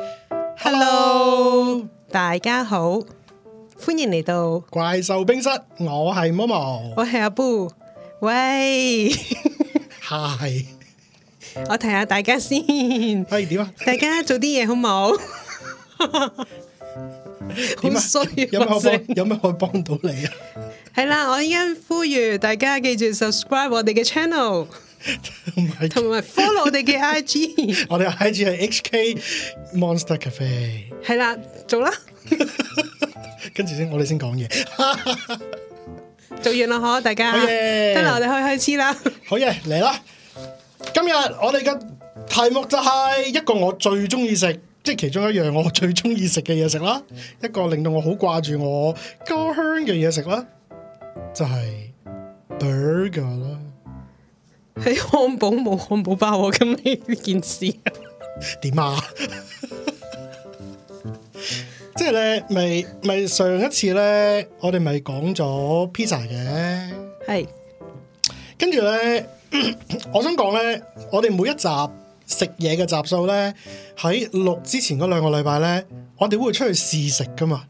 Hello, Hello. 大家好，歡迎嚟到怪獸冰室，我係 Momo，我係阿 Bo。喂 h Hi. 我睇下大家先，係、啊、點啊？ 大家做啲嘢好冇？好需要，有咩可以幫到你啊？係啦，我依家呼籲大家記住 subscribe 我哋嘅 channel。同埋，同埋 follow 我哋嘅 IG， 我哋嘅 IG 係 HK Monster Cafe，係啦， 做啦 跟住先，我哋先講嘢，做完啦好，大家，好嘢，得啦耶，我哋可以開始啦， 好嘢，嚟啦，今日我哋嘅題目就係一個我最中意食，即係其中一樣我最中意食嘅嘢食啦，一個令到我好掛住我家鄉嘅嘢食啦，就係、是、burger 啦。喺漢堡冇漢堡包咁呢件事點樣啊？即係咧，咪咪上一次咧，我哋咪講咗 pizza 嘅，係是跟住咧、嗯，我想講咧，我哋每一集食嘢嘅集數咧，喺六之前嗰兩個禮拜咧，我哋會出去試食㗎嘛。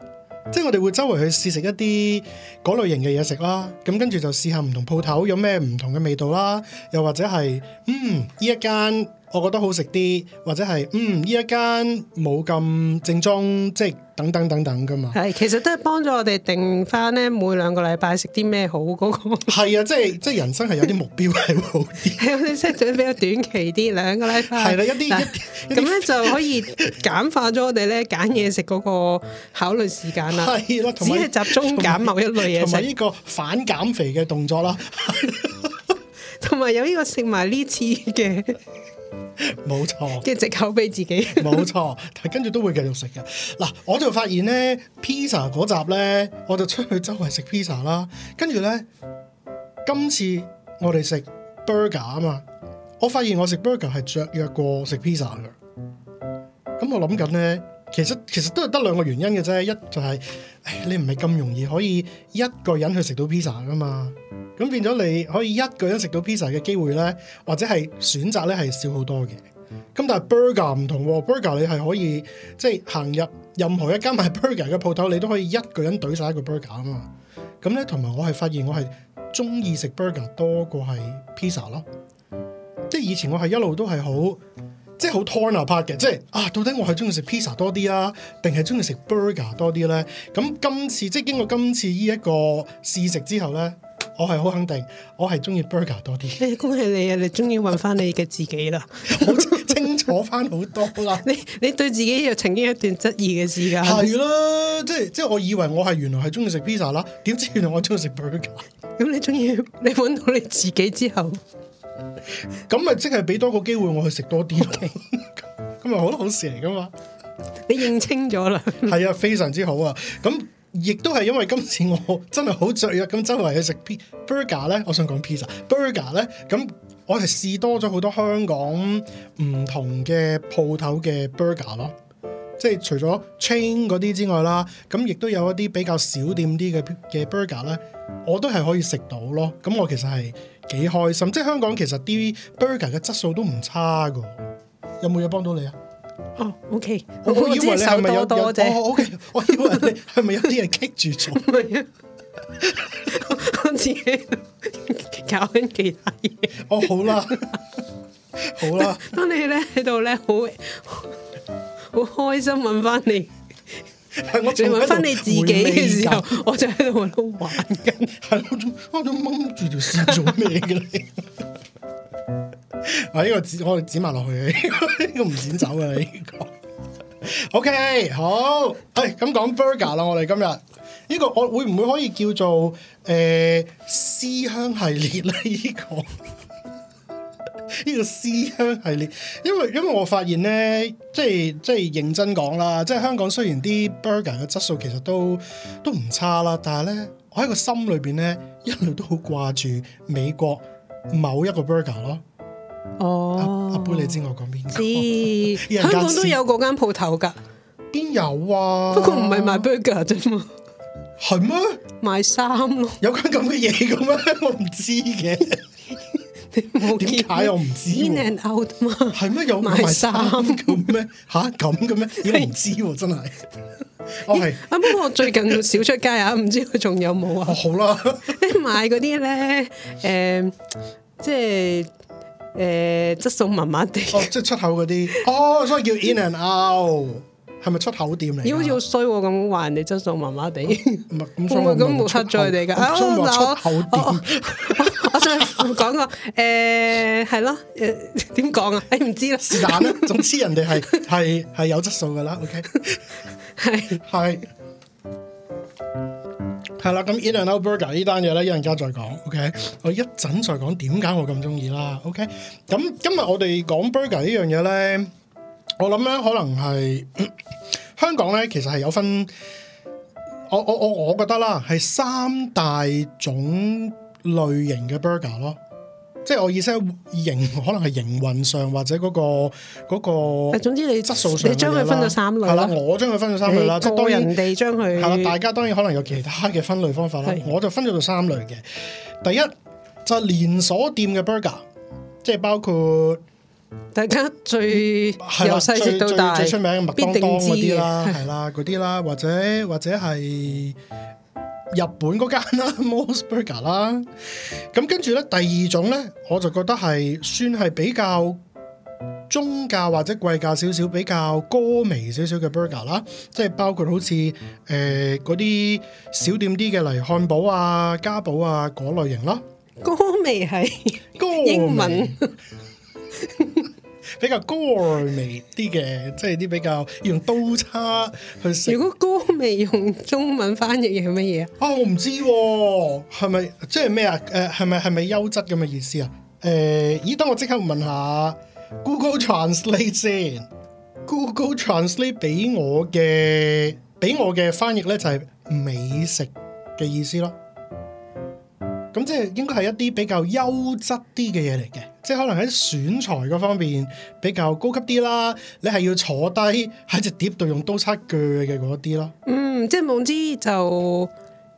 即係我哋會周圍去試食一啲嗰類型嘅嘢食啦，咁跟住就試下唔同鋪頭有咩唔同嘅味道啦，又或者係嗯，呢一間，我覺得好食啲，或者係嗯，呢一間冇咁正宗，即係等等等等㗎嘛。係，其實都係幫咗我哋定翻咧每兩個禮拜食啲咩好嗰個。係啊，即係即係人生係有啲目標係好啲，係我哋即比較短期啲兩個禮拜。係啦，一啲咁咧就可以簡化咗我哋咧揀嘢食嗰個考慮時間啦。係咯，只係集中揀某一類嘢食。同埋呢個反減肥嘅動作啦，同 埋有呢個食埋呢次嘅。冇錯，跟住 即係藉口俾自己。冇錯，但係跟住都會繼續食嘅。嗱，我就發現咧，pizza 嗰集咧，我就出去周圍食 pizza 啦。跟住咧，今次我哋食 burger 啊嘛，我發現我食 burger 係雀躍過食 pizza 嘅。咁我諗緊咧，其實其實都係得兩個原因嘅啫。一就係，誒，你唔係咁容易可以一個人去食到 pizza 噶嘛。.咁變咗你可以一個人食到 pizza 嘅機會咧，或者係選擇咧係少好多嘅。咁但係 burger 唔同喎、啊，burger 你係可以即係、就是、行入任何一間賣 burger 嘅鋪頭，你都可以一個人懟晒一個 burger 啊嘛。咁、嗯、咧，同埋我係發現我係鍾意食 burger 多過係 pizza 咯。即係以前我係一路都係好即係好 torn apart 嘅，即係啊，到底我係鍾意食 pizza 多啲啊，定係鍾意食 burger 多啲咧？咁今次即係經過今次呢一個試食之後咧。我係好肯定，我係中意 burger 多啲。你，恭喜你啊！你終於揾翻你嘅自己啦， 清楚翻好多啦。你你對自己又曾經一段質疑嘅時間係囉，即係即係我以為我係原來係中意食 pizza 啦，點知原來我中意食 burger。咁 你中意你揾到你自己之後，咁咪即係俾多個機會我去食多啲，咁咪定 好多好事嚟㗎嘛？你認清咗啦，係 啊，非常之好啊，咁。亦都係因為今次我真係好著意咁周圍去食 burger 呢，我想講 pizza burger 呢。咁我係試多咗好多香港唔同嘅鋪頭嘅 burger 咯，即係除咗 chain 嗰啲之外啦，咁亦都有一啲比較小店啲嘅嘅 burger 呢，我都係可以食到咯。咁我其實係幾開心，即係香港其實啲 burger 嘅質素都唔差噶。有冇嘢幫到你啊？哦、oh,，OK，我以為你係咪多哦，OK，我以為你係咪有啲人棘住咗，係啊，我自己搞緊其他嘢，哦，好啦，好啦，當你咧喺度咧，好好開心問翻你。 為我正玩翻你自己嘅時候，嗯、我就喺度玩緊，係、 啊 啊、我仲我仲掹住條線做咩嘅咧？我呢個剪我哋剪埋落去，呢個唔剪走噶啦，呢個。O K，好，哎，咁講 burger 啦，我哋今日呢個我會唔會可以叫做誒思鄉系列咧？呢個。呢個思鄉系列，因為因為我發現咧，即係即係認真講啦，即係香港雖然啲 burger 嘅質素其實都都唔差啦，但係咧，我喺個心裏邊咧一路都好掛住美國某一個 burger 咯。哦、oh, 啊，阿杯，你知我講邊？知是，哦、香港都有嗰間鋪頭噶，邊有啊？不過唔係賣 burger 啫嘛，係咩嗎？賣衫咯？有間咁嘅嘢嘅咩？我唔知嘅。點解我唔知？in and out 嘛？係咩？有賣衫咁咩？吓，咁嘅咩？你唔知真係。哦，係，不過我最近少出街啊，唔知佢仲有冇啊？好啦，買嗰啲咧，誒，即係誒，質素麻麻地。哦，即係出口嗰啲。哦，所以叫 in and out，係咪出口店嚟？好似好衰咁話人哋質素麻麻地。唔係，咁所以咁冇出咗佢哋噶。出口店。講個誒係咯，點講、 欸呃、啊？你、欸、唔知啦。是但啦，總之人哋係係係有質素噶啦。OK，係係係啦。咁、e、呢兩包 burger 呢單嘢咧，一陣間再講。OK，我一陣再講點解我咁中意啦。OK，咁今日我哋講 burger 呢樣嘢咧，我諗咧可能係、嗯、香港咧，其實係有分，我我我我覺得啦，係三大種。類型嘅 burger 咯，即係我意思喺營可能係營運上或者嗰個嗰個，總之你質素上，上，你將佢分咗三類，係啦，我將佢分咗三類啦。即係當人哋將佢，係 啦，大家當然可能有其他嘅分類方法啦。對我就分咗做三類嘅，第一就係連鎖店嘅 burger，即係包括大家最由細到大啦，最出名嘅麥當當嗰啲啦，係啦嗰啲啦，或者或者係，日本嗰間啦，Mos Burger 啦，咁跟住咧，第二種咧，我就覺得係算係比較中價或者貴價少少，比較歌微少少嘅 burger 啦，即係包括好似誒嗰啲小店啲嘅例如漢堡啊、嘉寶啊嗰類型咯。歌微係英文。迷 比較歌味啲嘅，即係啲比較用刀叉去食。如果歌味用中文翻譯嘅係乜嘢啊？哦，我唔知喎，係咪即係咩啊？誒，係咪係咪優質咁嘅意思啊？誒、呃，咦？等我即刻問下 Google Translate 先，Google Translate 俾我嘅俾我嘅翻譯咧就係、是、美食嘅意思咯。咁即係應該係一啲比較優質啲嘅嘢嚟嘅，即係可能喺選材嗰方面比較高級啲啦。你係要坐低喺隻碟度用刀叉鋸嘅嗰啲咯。嗯，即係總之，就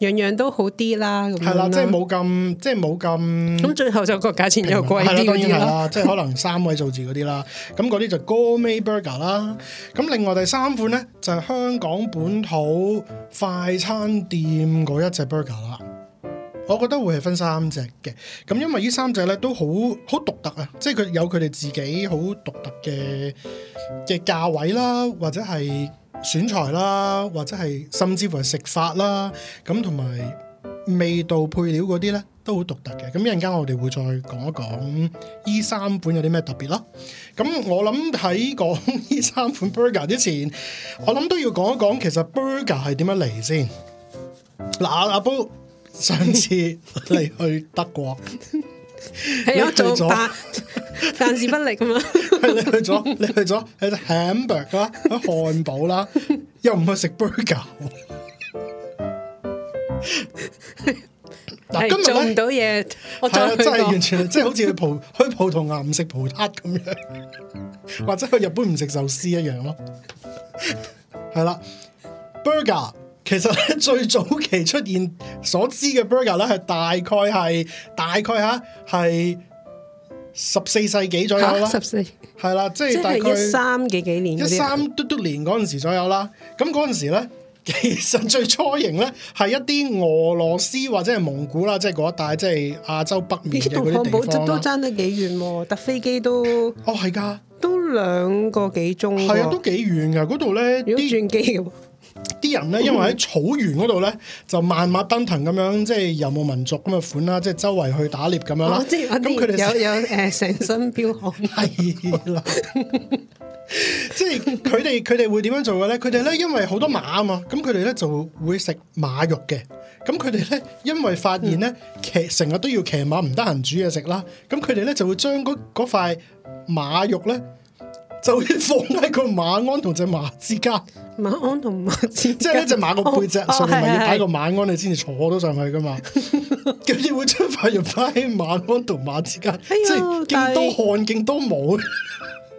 樣樣都好啲啦。係啦的樣，即係冇咁，即係冇咁。咁最後就個價錢又貴啲， 當然係啦，即係可能三位數字嗰啲啦。咁嗰啲就 Gourmet Burger 啦。咁另外第三款咧就係、是、香港本土快餐店嗰一隻 burger 啦。我覺得會係分三隻嘅，咁因為呢三隻咧都好好獨特啊！即係佢有佢哋自己好獨特嘅嘅價位啦，或者係選材啦，或者係甚至乎係食法啦，咁同埋味道配料嗰啲咧都好獨特嘅。咁一陣間我哋會再講一講依三款有啲咩特別咯。咁我諗喺講呢三款 burger 之前，我諗都要講一講其實 burger 係點樣嚟先。嗱，阿煲。 上次你去德國， 嘿你做咗白，辦事 不力咁樣 你去咗，你去咗喺漢堡啦，喺漢堡啦，又唔去食 burger。但 係、啊、做唔到嘢，我真即係完全即係好似去葡去葡萄牙唔食葡撻咁樣， 或者去日本唔食壽司一樣咯。係 啦、啊、，burger。其實咧最早期出現所知嘅 burger 咧，係大概係大概吓係十四世紀左右啦。十四係啦，即係、即係、大概一三幾幾年一三嘟嘟年嗰陣時左右啦。咁嗰陣時咧，其實最初型咧係一啲俄羅斯或者係蒙古啦，即係嗰一帶，即係亞洲北面嘅嗰啲地方啦、哦。都爭得幾遠喎，搭飛機都哦係噶，都兩個幾鐘，係啊，都幾遠噶嗰度咧，如果轉機嘅。啲人咧，因為喺草原嗰度咧，就萬馬奔騰咁樣，即係游牧民族咁嘅款啦，即係周圍去打獵咁樣啦。咁佢哋有有誒，成身彪悍。係啦，即係佢哋佢哋會點樣做嘅咧？佢哋咧因為好多馬啊嘛，咁佢哋咧就會食馬肉嘅。咁佢哋咧因為發現咧、嗯、騎成日都要騎馬唔得閒煮嘢食啦，咁佢哋咧就會將嗰嗰塊馬肉咧。就會放喺個馬鞍同隻馬之間，馬鞍同馬之間，即係呢隻馬個背脊，哦，上面，咪要擺個馬鞍你先至坐到上去噶嘛，跟住 會將塊肉擺喺馬鞍同馬之間，哎、呀即係勁多汗勁多毛。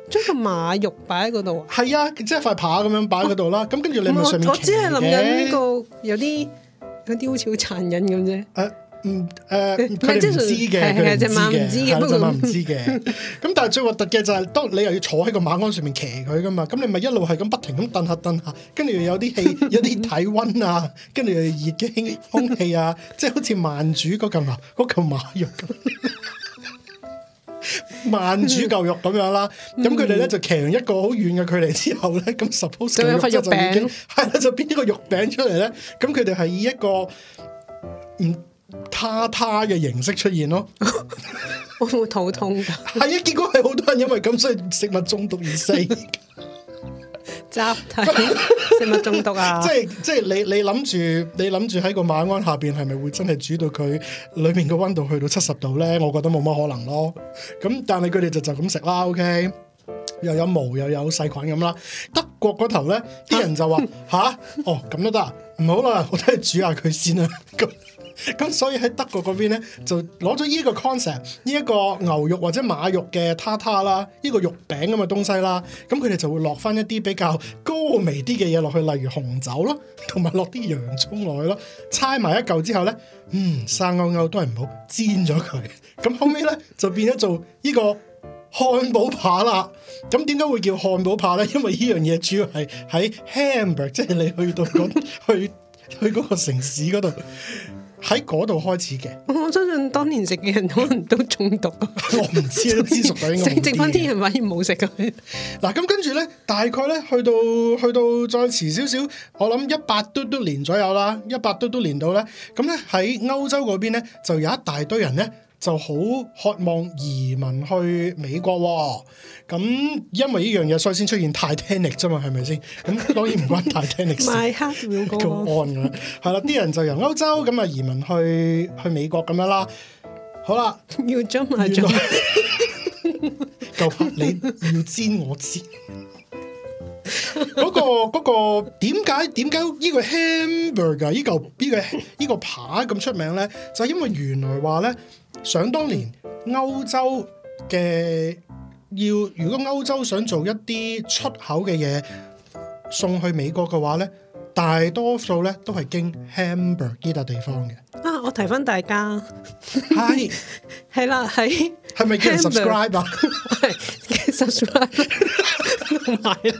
將是個馬肉擺喺嗰度，係啊，即係塊扒咁樣擺喺嗰度啦。咁、啊、跟住你咪上面我，我只係諗緊呢個有啲，有啲好似好殘忍咁啫。呃嗯，誒佢唔知嘅，佢哋唔知嘅，真係唔知嘅。咁但係最核突嘅就係，當你又要坐喺個馬鞍上面騎佢噶嘛，咁你咪一路係咁不停咁蹬下蹬下，跟住又有啲氣，有啲體温啊，跟住又有熱嘅空氣啊，即係好似慢煮個啊，嗰嚿馬肉咁，慢煮嚿肉咁樣啦。咁佢哋咧就騎完一個好遠嘅距離之後咧，咁 suppose 即係塊肉係啦，就變咗個肉餅出嚟咧。咁佢哋係以一個唔～他他嘅形式出現咯，會唔會肚痛噶？係啊，結果係好多人因為咁，所以食物中毒而死， 集體食物中毒啊 即！即係即係你你諗住你諗住喺個馬鞍下邊係咪會真係煮到佢裏面個溫度去到七十度咧？我覺得冇乜可能咯。咁但係佢哋就就咁食啦。OK，又有毛又有細菌咁啦，得。國嗰頭咧，啲人就話吓、啊啊，哦咁都得，啊，唔好啦，我都係煮下佢先啦。咁咁，所以喺德國嗰邊咧，就攞咗呢個 concept，呢一個牛肉或者馬肉嘅撻撻啦，呢、這個肉餅咁嘅東西啦，咁佢哋就會落翻一啲比較高微啲嘅嘢落去，例如紅酒咯，同埋落啲洋蔥落去咯，猜埋一嚿之後咧，嗯，生勾勾都係唔好煎咗佢。咁後尾咧就變咗做呢、這個。漢堡扒啦，咁點解會叫漢堡扒呢？因為呢樣嘢主要係喺 Hamburg，即係你去到嗰、嗰個、 去去嗰個城市嗰度，喺嗰度開始嘅。我相信當年食嘅人可能都中毒。 我唔知都年知熟咗，剩翻，啲人反而冇食佢。嗱、啊，咁跟住呢，大概呢，去到去到再遲少少，我諗一百嘟嘟年左右啦，一百嘟嘟年到呢，咁呢，喺歐洲嗰邊呢，就有一大堆人呢。就好渴望移民去美國咁，因為呢樣嘢所以先出現 Titanic 啫嘛，係咪先？咁當然唔關 Titanic 事 will on 的。邁克爾高安咁樣，係啦，啲人就由歐洲咁啊移民去去美國咁樣啦。好啦， 要將埋住，夠拍你，要煎我煎。嗰、 嗰個嗰、嗰個點解點解呢個 Hamburger 啊、這、呢嚿呢個呢、呢個呢個呢個呢個扒咁出名咧？就是、因為原來話咧。想當年歐洲嘅要，如果歐洲想做一啲出口嘅嘢送去美國嘅話咧，大多數咧都係經 Hamburg 呢笪地方嘅。啊，我提翻大家，係係啦，係。係咪叫 subscriber 係，subscribe 同埋啊！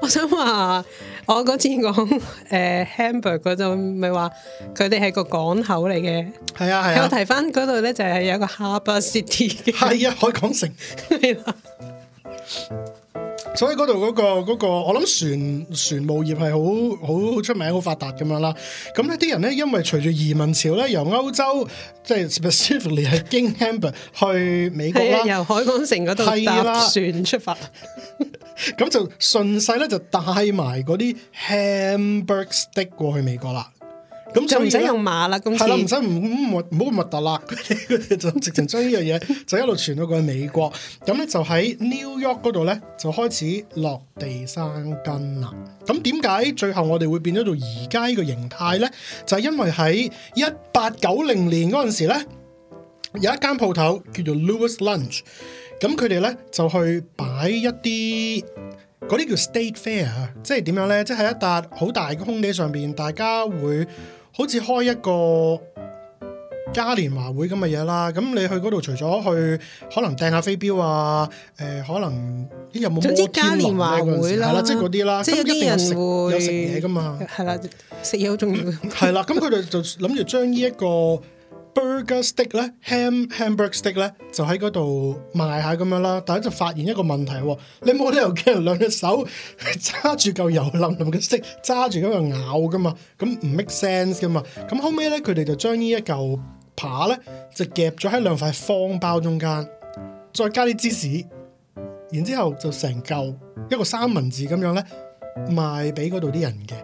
我想話，我嗰次講誒 Hamburg 嗰陣，咪話佢哋係個港口嚟嘅，係啊係啊。啊我提翻嗰度咧，就係有一個 Harbour City 嘅，係啊， 海港城 所以嗰度嗰個、嗰個、我諗船船務業係好好出名、好發達咁樣啦。咁呢啲人咧，因為隨住移民潮咧，由歐洲即係 specifically 經 Hamburg 去美國啦， 由海港城嗰度搭船出發，咁的 就順勢咧就帶埋嗰啲 Hamburg steak 過去美國啦。咁就唔使用，用馬啦，咁係啦，唔使唔好咁特立，佢 哋樂就直情將呢樣嘢就一路傳到過去美國。咁咧就喺 New York 嗰度咧就開始落地生根啦。咁點解最後我哋會變咗到而家呢個形態咧？就係、是、因為喺一八九零年嗰陣時咧，有一間鋪頭叫做 Louis Lunch，咁佢哋咧就去擺一啲嗰啲叫 State Fair，即係點樣咧？即、就、係、是、喺一笪好大嘅空地上邊，大家會。好似開一個嘉年華會咁嘅嘢啦，咁你去嗰度除咗去可能掟下飛鏢啊，誒、呃、可能啲冇，總之嘉年華會啦，啦，即係嗰啲啦，咁一啲人會有食嘢噶嘛，係啦，食嘢好重要，係 啦，咁佢哋就諗住將呢一個。burger steak 咧，ham hamburger steak 咧，就喺嗰度賣下咁樣啦。大家就發現一個問題喎，你冇理由叫人兩隻手揸 住嚿油淋淋嘅 steak，揸住咁樣咬噶嘛，咁唔 make sense 噶嘛。咁後尾咧，佢哋就將呢一嚿扒咧，就夾咗喺兩塊方包中間，再加啲芝士，然之後就成嚿一個三文治咁樣咧賣俾嗰度啲人嘅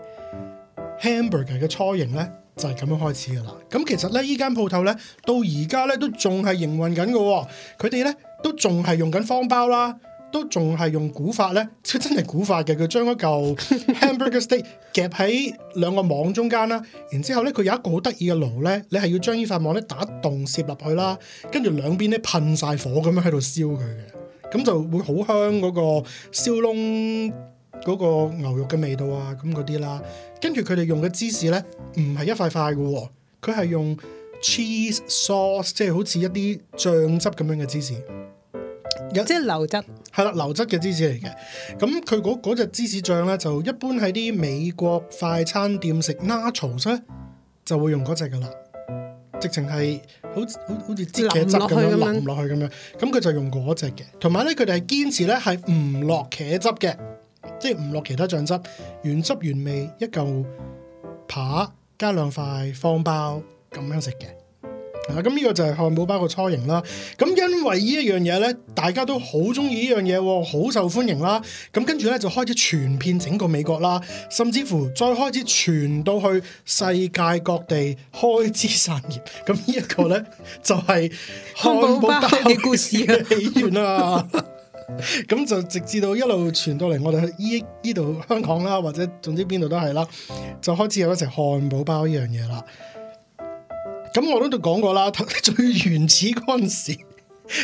hamburger 嘅初形咧。就係咁樣開始噶啦。咁其實咧，依間鋪頭咧，到而家咧都仲係營運緊嘅。佢哋咧都仲係用緊方包啦，都仲係用古法咧，即真係古法嘅。佢將一嚿 hamburger steak 夾喺兩個網中間啦，然之後咧佢有一個好得意嘅爐咧，你係要將依塊網咧打洞攝入去啦，跟住兩邊咧噴晒火咁樣喺度燒佢嘅，咁就會好香嗰、嗰個燒燶，嗰個牛肉嘅味道啊，咁嗰啲啦，跟住佢哋用嘅芝士咧，唔係一塊塊嘅喎、喔，佢係用 cheese sauce，即係好似一啲醬汁咁樣嘅芝士，有即係流質，係啦，流質嘅芝士嚟嘅。咁佢嗰嗰隻芝士醬咧，就一般喺啲美國快餐店食 Nachos 咧，就會用嗰隻嘅啦。直情係好好好似擠茄汁咁樣淋落去咁樣，咁佢就用嗰隻嘅。同埋咧，佢哋係堅持咧係唔落茄汁嘅。即係唔落其他醬汁，原汁原味，一嚿扒加兩塊方包，咁樣食嘅。啊，咁呢個就係漢堡包個雛形啦。咁因為呢一樣嘢呢，大家都好中意呢樣嘢，好受歡迎啦。咁跟住呢，就開始傳遍整個美國啦，甚至乎再開始傳到去世界各地開枝散葉。咁呢一個呢， 就係漢堡包嘅故事嘅起源啦，啊。 咁就直至到一路傳到嚟，我哋依依度香港啦，或者總之邊度都係啦，就開始有一隻漢堡包呢樣嘢啦。咁我都都講過啦，最原始嗰陣時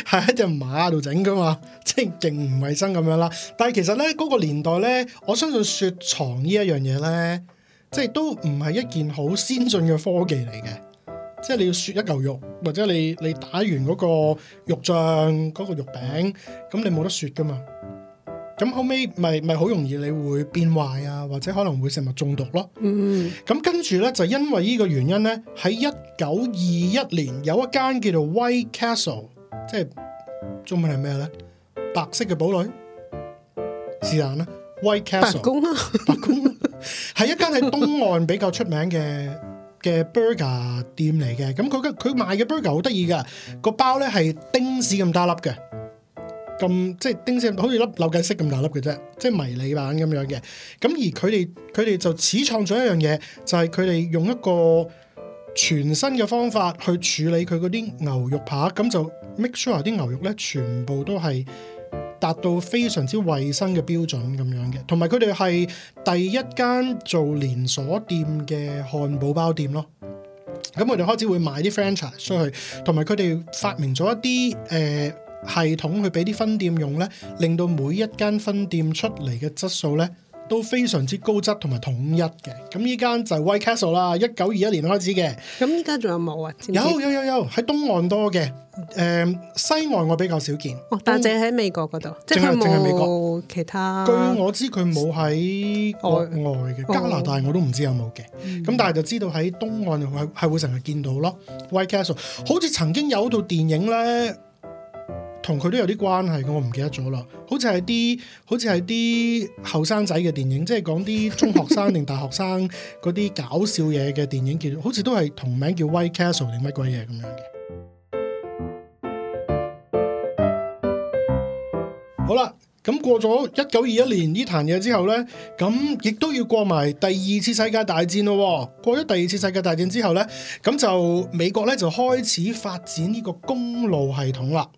係喺隻馬度整噶嘛，即係勁唔衛生咁樣啦。但係其實咧嗰個年代咧，我相信雪藏呢一樣嘢咧，即係都唔係一件好先進嘅科技嚟嘅。即係你要雪一嚿肉，或者你你打完嗰個肉醬嗰個肉餅，咁你冇得雪噶嘛？咁後尾咪咪好容易你會變壞啊，或者可能會食物中毒咯。嗯，咁跟住咧就因為呢個原因咧，喺一九二一年有一間叫做 White Castle，即係中文係咩咧？白色嘅堡壘是但啦，White Castle 白宮啊，白宮係一間喺東岸比較出名嘅。嘅 burger 店嚟嘅，咁佢佢賣嘅 burger 好得意㗎，個包咧係丁字咁大粒嘅，咁即係丁字好似粒扭計骰咁大粒嘅啫，即係迷你版咁樣嘅。咁而佢哋佢哋就始創咗一樣嘢，就係佢哋用一個全新嘅方法去處理佢嗰啲牛肉扒。咁就 make sure 嗰啲牛肉咧，全部都係。達到非常之衞生嘅標準咁樣嘅，同埋佢哋係第一間做連鎖店嘅漢堡包店咯。咁我哋開始會買啲 franchise 出去，同埋佢哋發明咗一啲誒、呃、系統去俾啲分店用咧，令到每一間分店出嚟嘅質素咧。都非常之高質同埋統一嘅，咁依間就係 White Castle 啦，一九二一年開始嘅。咁依家仲有冇啊？有有有有喺東岸多嘅，誒、呃、西岸我比較少見。哦，但淨喺美國嗰度，東即係是冇其他。據我知佢冇喺國外嘅加拿大我有有，我都唔知有冇嘅。咁但係就知道喺東岸係係會成日見到咯。White Castle 好似曾經有套電影咧。同佢都有啲關係嘅，我唔記得咗啦。好似係啲，好似係啲後生仔嘅電影，即係講啲中學生定大學生嗰啲搞笑嘢嘅電影，叫 好似都係同名叫 White Castle 定乜鬼嘢咁樣嘅。 好啦，咁過咗一九二一年呢壇嘢之後呢，咁亦都要過埋第二次世界大戰咯、哦。過咗第二次世界大戰之後呢，咁就美國呢，就開始發展呢個公路系統啦。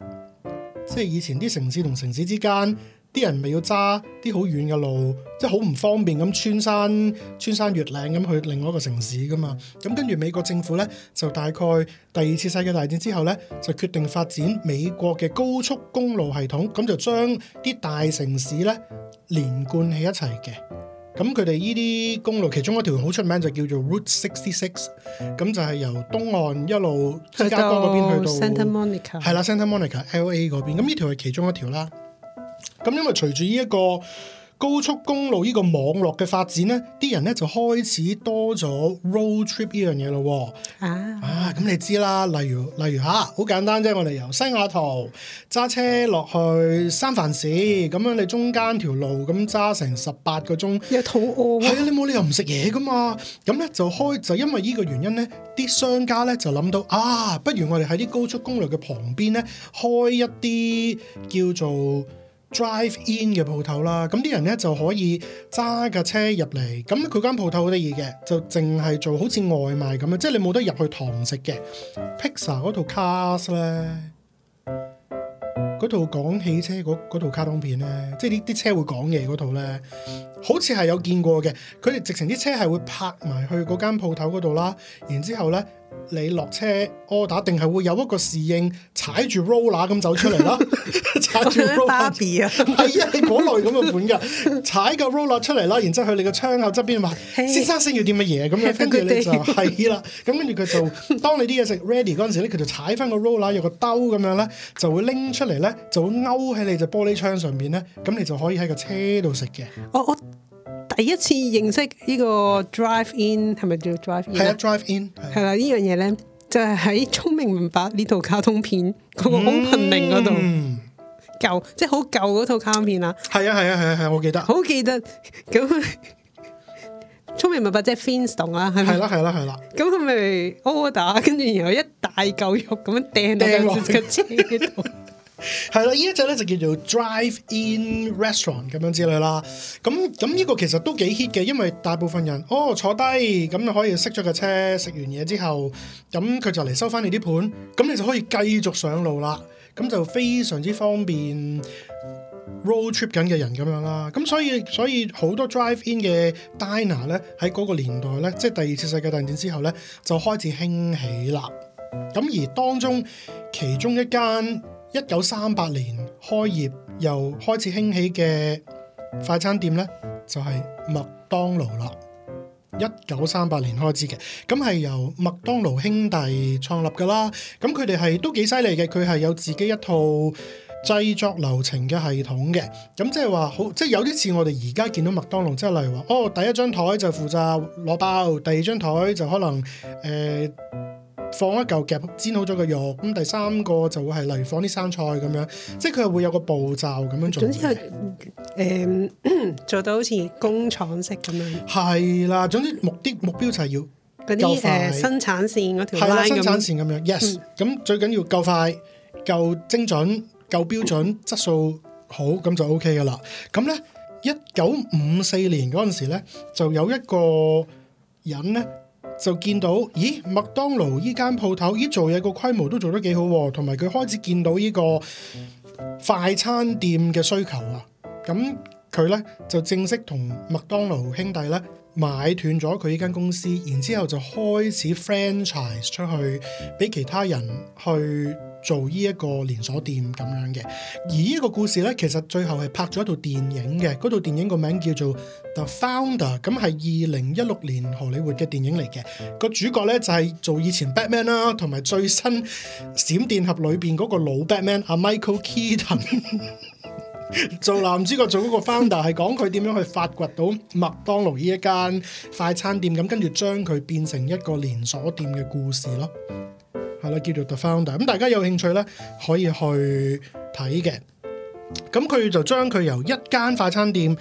即係以前啲城市同城市之間，啲人咪要揸啲好遠嘅路，即係好唔方便咁穿山穿山越嶺咁去另外一個城市㗎嘛。咁跟住美國政府咧，就大概第二次世界大戰之後咧，就決定發展美國嘅高速公路系統，咁就將啲大城市咧連貫起一齊嘅。咁佢哋呢啲公路，其中一條好出名就叫做 Route Sixty Six，咁就係由東岸一路芝加哥嗰邊去到，係啦，Santa Monica，Santa Monica，LA 嗰邊，咁呢條係其中一條啦。咁因為隨住呢一個高速公路呢個網絡嘅發展呢，啲人呢就開始多咗 road trip 呢樣嘢咯喎。啊咁、啊、你知啦，例如例如吓，好、啊、簡單啫，我哋由西雅圖揸車落去三藩市，咁、嗯、樣你中間條路咁揸成十八個鐘，又肚餓、啊。係啊，你冇理由唔食嘢㗎嘛。咁呢就開就因為呢個原因呢，啲商家呢就諗到啊，不如我哋喺啲高速公路嘅旁邊呢開一啲叫做 Drive-in 嘅鋪頭啦，咁啲人咧就可以揸架車入嚟，咁佢間鋪頭好得意嘅，就淨係做好似外賣咁樣，即係你冇得入去堂食嘅。Pizza 嗰套 Cars 咧，嗰套講汽車嗰嗰套卡通片咧，即係啲啲車會講嘢嗰套咧。好似係有見過嘅，佢哋直情啲車係會泊埋去嗰間鋪頭嗰度啦，然之後咧你落車 order 定係會有一個侍應踩住 roller 咁走出嚟啦，踩住 roller 啊，係啊，係嗰類咁嘅款嘅，踩個 roller 出嚟啦，然之後去你嘅窗口側邊話，先生先要啲乜嘢咁樣，跟住 你就係啦，咁跟住佢就當你啲嘢食 ready 嗰陣時咧，佢就踩翻個 roller 有個兜咁樣咧，就會拎出嚟咧，就會勾喺你隻玻璃窗上邊咧，咁你就可以喺個車度食嘅，我 第一次認識呢個 drive in 係咪叫 drive in？係啊，drive in 係啦、啊，啊、呢樣嘢咧就係喺《聰明明白》呢套卡通片個《好鵬令》嗰度舊，即係好舊嗰套卡通片啦。係啊，係啊，係啊，係我記得，好記得。咁 聰明明白即係 Flintstones 啦，係啦、啊，係啦、啊，係啦、啊。咁佢咪 order 跟住然後一大嚿肉咁樣掟到落架車度。丟過 係啦，呢一隻咧就叫做 drive-in restaurant 咁樣之類啦。咁咁呢個其實都幾 hit 嘅，因為大部分人哦，坐低咁就可以熄咗個車，食完嘢之後咁佢就嚟收翻你啲盤，咁你就可以繼續上路啦。咁就非常之方便 road trip 緊嘅人咁樣啦。咁所以所以好多 drive-in 嘅 diner 咧喺嗰個年代咧，即係第二次世界大戰之後咧就開始興起啦。咁而當中其中一間。一九三八年開業又開始興起嘅快餐店呢，就係、是、麥當勞啦。一九三八年開始嘅，咁、嗯、係由麥當勞兄弟創立㗎啦。咁佢哋係都幾犀利嘅，佢係有自己一套製作流程嘅系統嘅。咁即係話好，即係有啲似我哋而家見到麥當勞，即係例如話，哦，第一張枱就負責攞包，第二張枱就可能誒。呃放一嚿夾煎好咗嘅肉，咁第三個就會係例如放啲生菜咁樣，即係佢係會有個步驟咁樣做。總之係誒、呃、做到好似工廠式咁樣。係啦，總之目的目標就係要嗰啲誒生產線嗰條線，生產線咁樣。Yes，咁、嗯、最緊要夠快、夠精準、夠標準、質素好，咁就 OK 㗎啦。咁咧，一九五四年嗰陣時咧，就有一個人咧。就見到，咦，麥當勞依間鋪頭，依做嘢個規模都做得幾好喎、啊，同埋佢開始見到呢個快餐店嘅需求啊，咁佢咧就正式同麥當勞兄弟咧買斷咗佢依間公司，然之後就開始 franchise 出去俾其他人去。做呢一個連鎖店咁樣嘅，而呢個故事呢，其實最後係拍咗一套電影嘅。嗰套電影個名叫做 The Founder，咁係二零一六年荷里活嘅電影嚟嘅。個主角呢，就係、是、做以前 Batman 啦，同埋最新閃電俠裏邊嗰個老 Batman 阿 Michael Keaton 做男主角做嗰個 Founder，係講佢 點樣去發掘到麥當勞呢一間快餐店，咁跟住將佢變成一個連鎖店嘅故事咯。係啦，叫做 The Founder，咁大家有興趣咧可以去睇嘅。咁佢就將佢由一間快餐店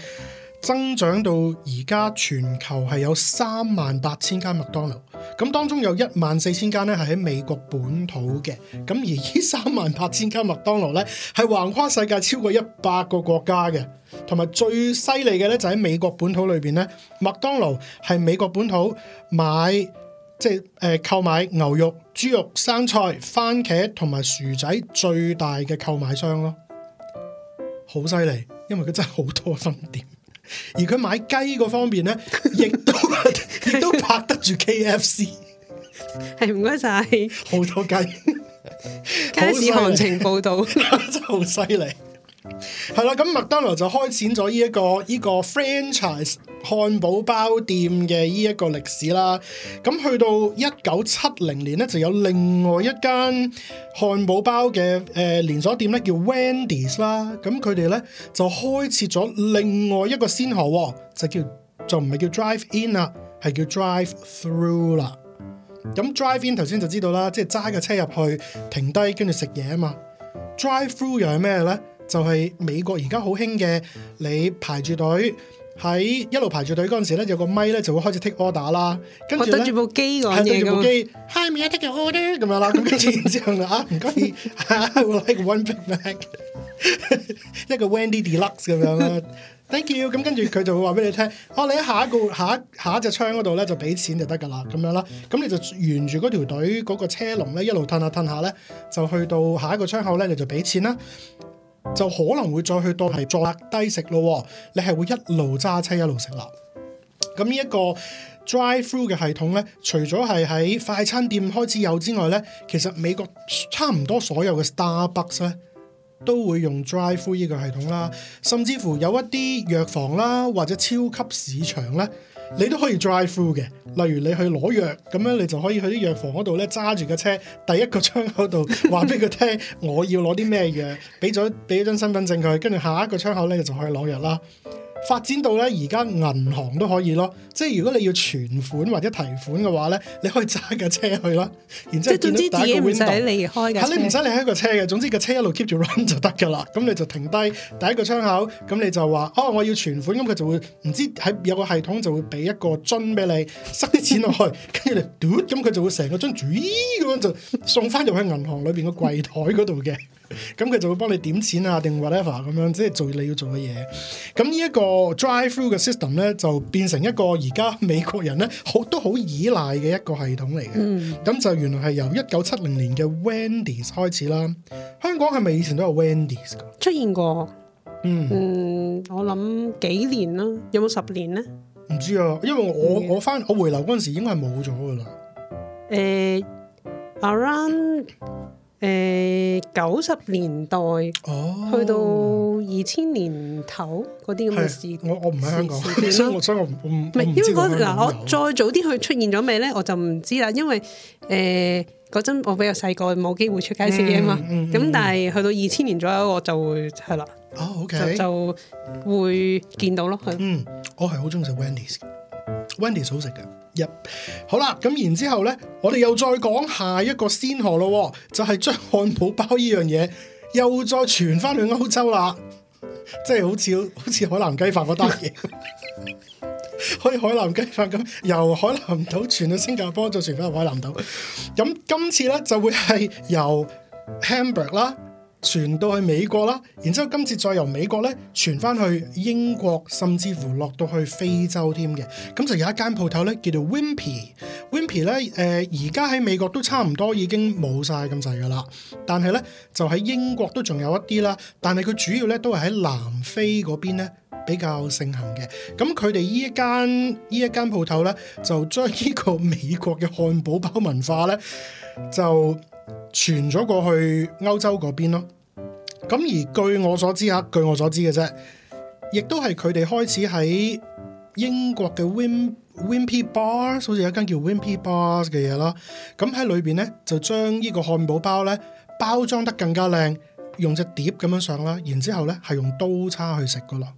增長到而家全球係有三萬八千間麥當勞，咁當中有一萬四千間咧係喺美國本土嘅。咁而呢三萬八千間麥當勞咧係橫跨世界超過一百個國家嘅，同埋最犀利嘅咧就喺美國本土裏邊咧，麥當勞係美國本土買，即係誒，購、呃、買牛肉、豬肉、生菜、番茄同埋薯仔最大嘅購買商咯，好犀利，因為佢真係好多分店，而佢買雞嗰方面咧，亦 都亦都拍得住 KFC，係唔該晒，好 多雞雞，街 市行情報道厲 真係好犀利。係啦，咁麥當勞就開始咗呢一個呢、這個 franchise 漢堡包店嘅呢一個歷史啦。咁去到一九七零年咧，就有另外一間漢堡包嘅誒、呃、連鎖店咧，叫 Wendy’s 啦。咁佢哋咧就開設咗另外一個先河、喔，就叫就唔係叫 drive in 啦，係叫 drive through 啦。咁 drive in 頭先就知道啦，即係揸架車入去停低，跟住食嘢啊嘛。drive through 又係咩咧？就係美國而家好興嘅，你排住隊喺一路排住隊嗰陣時咧，有個咪咧就會開始 take order 啦、哦。跟住咧，對住部機講嘢對住部機我，Hi，May I，take your order 咁樣啦，咁俾錢之後啊，唔該。I would like one Big Mac 一個，Wendy Deluxe，咁樣啦。 Thank you、嗯。咁跟住佢就會話俾你聽， 哦，你喺下一個、下一、下一隻窗嗰度咧就俾錢就得㗎啦，咁樣啦。咁你就沿住嗰條隊嗰個車龍咧一路褪下褪下咧，就去到下一個窗口咧你就俾錢啦。就可能會再去當係坐低食咯、哦，你係會一路揸車一路食啦。咁呢一個 drive through 嘅系統咧，除咗係喺快餐店開始有之外咧，其實美國差唔多所有嘅 Starbucks 咧都會用 drive through 呢個系統啦，甚至乎有一啲藥房啦或者超級市場咧。你都可以 drive through 嘅，例如你去攞藥咁樣，你就可以去啲藥房嗰度咧，揸住個車第一個窗口度話俾佢聽，我要攞啲咩藥，俾咗俾咗張身份證佢，跟住下一個窗口咧就就可以攞藥啦。發展到咧，而家銀行都可以咯。即係如果你要存款或者提款嘅話咧，你可以揸架車去咯。然之後見到大家唔使離開嘅，吓你唔使離開個車嘅。總之個車一路 keep 住 run 就得噶啦。咁你就停低第一個窗口，咁你就話哦，我要存款，咁佢就會唔知喺有個系統就會俾一個樽俾你，塞啲錢落去，跟住你嘟，咁佢就會成個樽住咁樣就送翻入去銀行裏邊個櫃檯嗰度嘅。咁佢 就會幫你點錢啊，定 whatever 咁樣，即係做你要做嘅嘢。咁呢一個 drive through 嘅 system 咧，就變成一個而家美國人咧，好都好依賴嘅一個系統嚟嘅。咁、嗯、就原來係由一九七零年嘅 Wendy's 開始啦。香港係咪以前都有 Wendy's 噶？出現過。嗯，嗯，我諗幾年啦，有冇十年咧？唔知啊，因為我我翻我回流嗰陣時，應該係冇咗噶啦。誒、uh，Around。誒九十年代，oh. 去到二千年頭嗰啲咁嘅事，我我唔喺香港，所以事 我唔唔因為嗰嗱我再早啲去，出現咗未咧，我就唔知啦。因為誒嗰陣我比較細個，冇機會出街食嘢嘛。咁、mm hmm. 但係去到二千年左右，我就會係啦。啊、oh,OK，就，就會見到咯。嗯，mm, 我係好中意食 Wendy's。Wendy 好食嘅。一、yep. 好啦，咁然之後呢，我哋又再講下一個先河咯、哦，就係、是、將漢堡包呢樣嘢又再傳翻去歐洲啦，即係好似好似海南雞飯嗰單嘢， 可以海南雞飯咁由海南島傳到新加坡，再傳翻去海南島，咁今次呢，就會係由 Hamburg 啦。傳到去美國啦，然之後今次再由美國咧傳翻去英國，甚至乎落到去非洲添嘅，咁就有一間鋪頭咧，叫做 Wimpy。Wimpy、呃、咧，誒而家喺美國都差唔多已經冇晒咁滯噶啦，但係咧就喺英國都仲有一啲啦，但係佢主要咧都係喺南非嗰邊咧比較盛行嘅。咁佢哋呢一間依一間鋪頭咧，就將呢個美國嘅漢堡包文化咧就。傳咗過去歐洲嗰邊咯，咁而據我所知啊，據我所知嘅啫，亦都係佢哋開始喺英國嘅 Wim Wimpy Bar，好似有一間叫 Wimpy Bar 嘅嘢咯，咁、嗯、喺裏邊咧就將呢個漢堡包咧包裝得更加靚，用隻碟咁樣上啦，然之後咧係用刀叉去食噶咯，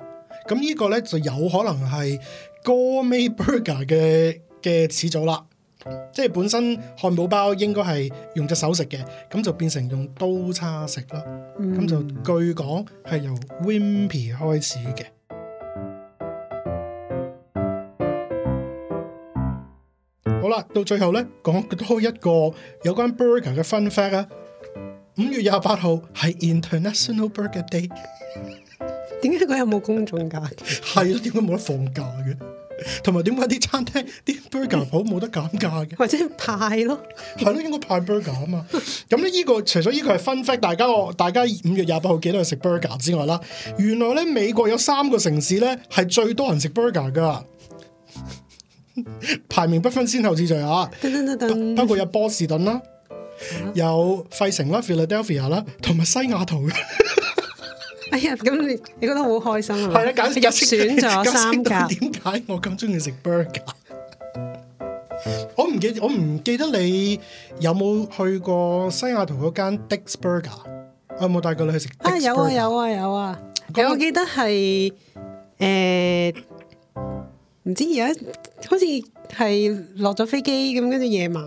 咁、嗯這個、呢個咧就有可能係 Gourmet Burger 嘅嘅始祖啦。即係本身漢堡包應該係用隻手食嘅，咁就變成用刀叉食咯。咁、嗯、就據講係由 Wimpy 開始嘅。嗯、好啦，到最後咧講多一個有關 burger 嘅 fun fact 啊。五月廿八號係 International Burger Day。點解佢有冇公衆假？係 啦、 啊，點解冇得放假嘅？同埋點解啲餐廳啲 burger 好冇得減價嘅？或者派咯，係咯， 應該派 burger 啊嘛。咁咧呢個除咗呢個係 fun fact 大家大家五月廿八號幾多人食 burger 之外啦，原來咧美國有三個城市咧係最多人食 burger 噶， 排名不分先後次序啊。登登登登不，包括有波士頓啦，啊、有費城啦，Philadelphia 啦，同埋西雅圖。 哎呀，咁你你覺得好開心啊！係啊， 簡直入選咗三甲。點 解我咁中意食 burger？我唔記得，我唔記得你有冇去過西雅圖嗰間 Dick's Burger。我有冇帶過你去食，啊？啊有啊有啊有啊！我記得係誒。呃唔知而家好似係落咗飛機咁，跟住夜晚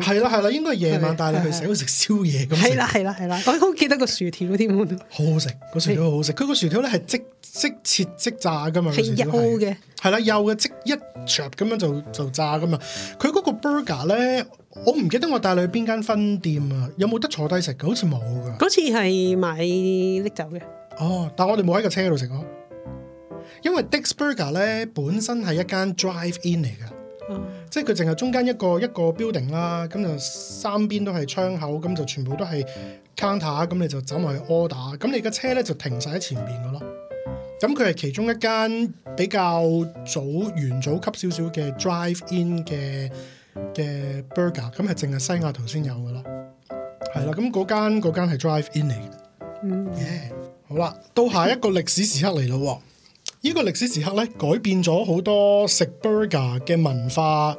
係啦係啦，應該係夜晚，帶你去食食宵夜咁。係啦係啦係啦，我好記得個薯條添。 好好食，個薯條好好食。佢個的薯條咧係即即切即，即，即，即，即炸噶嘛，係油嘅。係啦的，油嘅即一 chop 咁樣就就炸噶嘛。佢嗰個 burger 咧，我唔記得我帶你去邊間分店啊？有冇得坐低食嘅？好似冇㗎。嗰次係買拎走嘅。哦，但係我哋冇喺個車度食咯。因為 Dick's Burger 咧本身係一間 drive-in 嚟嘅。嗯、即係佢淨係中間一個一個 building 啦、啊，咁就三邊都係窗口，咁就全部都係 counter，咁你就走埋去 order，咁你嘅車咧就停晒喺前邊嘅咯。咁佢係其中一間比較早、元祖級少少嘅 drive-in 嘅嘅 burger，咁係淨係西雅圖先有嘅咯。係、嗯、啦，咁嗰間嗰間係 drive-in 嚟嘅。嗯、yeah，好啦，到下一個歷史時刻嚟咯。 呢個歷史時刻咧，改變咗好多食 burger 嘅文化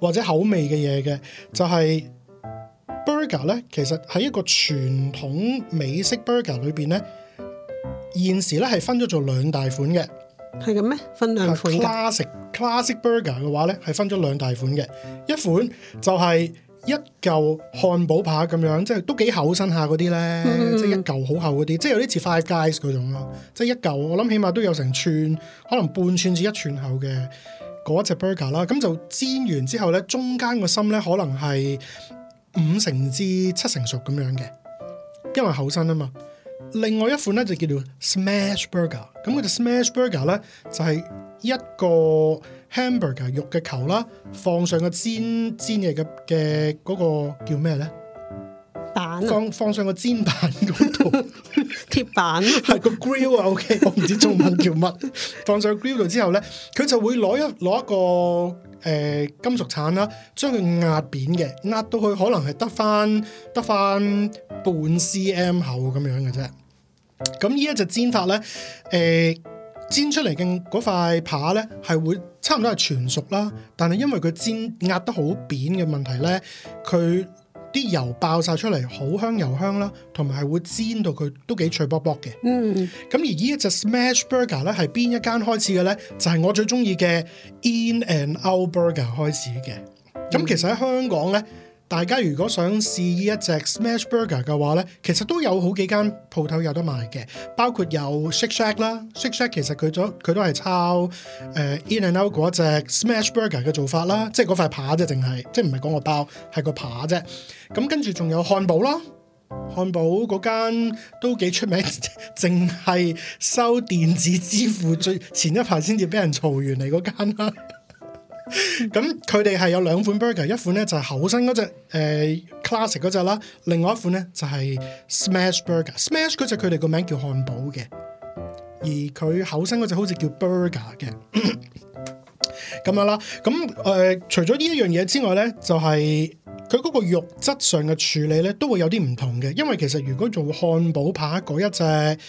或者口味嘅嘢嘅，就係、是、burger 咧，其實喺一個傳統美式 burger 裏邊咧，現時咧係分咗做兩大款嘅。係咁咩？分兩款。Classic classic burger 嘅話咧，係分咗兩大款嘅，一款就係、是。一嚿漢堡扒咁樣，即係都幾厚身下嗰啲咧，即係一嚿好厚嗰啲，即係有啲似 Five Guys 嗰種咯，即係一嚿我諗起碼都有成寸，可能半寸至一寸厚嘅嗰隻 burger 啦，咁就煎完之後咧，中間個心咧可能係五成至七成熟咁樣嘅，因為厚身啊嘛。另外一款咧就叫做 Smash Burger，咁佢 Sm 就 Smash Burger 咧就係一個 hamburger 肉嘅球啦，放上個煎煎嘢嘅嘅嗰個叫咩咧？板蛋放放上個煎 板嗰度，鐵板係個 grill 啊，OK，我唔知中文叫乜， 放上 grill 度之後咧，佢就會攞一攞一個誒、呃、金屬鏟啦，將佢壓扁嘅，壓到佢可能係得翻得翻半 cm 厚咁樣嘅啫。咁呢一隻煎法咧，誒、呃、煎出嚟嘅嗰塊扒咧係會差唔多係全熟啦，但係因為佢煎壓得好扁嘅問題咧，佢啲油爆晒出嚟，好香又香啦，同埋係會煎到佢都幾脆卜卜嘅。嗯。咁而一隻呢一隻 Smash Burger 咧，係邊一間開始嘅咧？就係、是、我最中意嘅 In and Out Burger 開始嘅。咁、嗯嗯、其實喺香港咧。大家如果想試呢一隻 Smash Burger 嘅話咧，其實都有好幾間鋪頭有得賣嘅，包括有 Shake Shack 啦，Shake Shack 其實佢咗佢都係抄誒、呃、In and Out 嗰隻 Smash Burger 嘅做法啦，即係嗰塊扒啫，淨係即係唔係講個包，係個扒啫。咁跟住仲有漢堡啦，漢堡嗰間都幾出名，淨 係收電子支付，最前一排先至俾人嘈完嚟嗰間啦。咁佢哋係有兩款 burger，一款咧就係厚身嗰隻誒、呃、classic 嗰隻啦，另外一款咧就係 Sm burger, smash burger，smash 嗰隻佢哋個名叫漢堡嘅，而佢厚身嗰隻好似叫 burger 嘅，咁樣啦。咁、嗯、誒、呃、除咗呢一樣嘢之外咧，就係佢嗰個肉質上嘅處理咧都會有啲唔同嘅，因為其實如果做漢堡扒嗰一隻。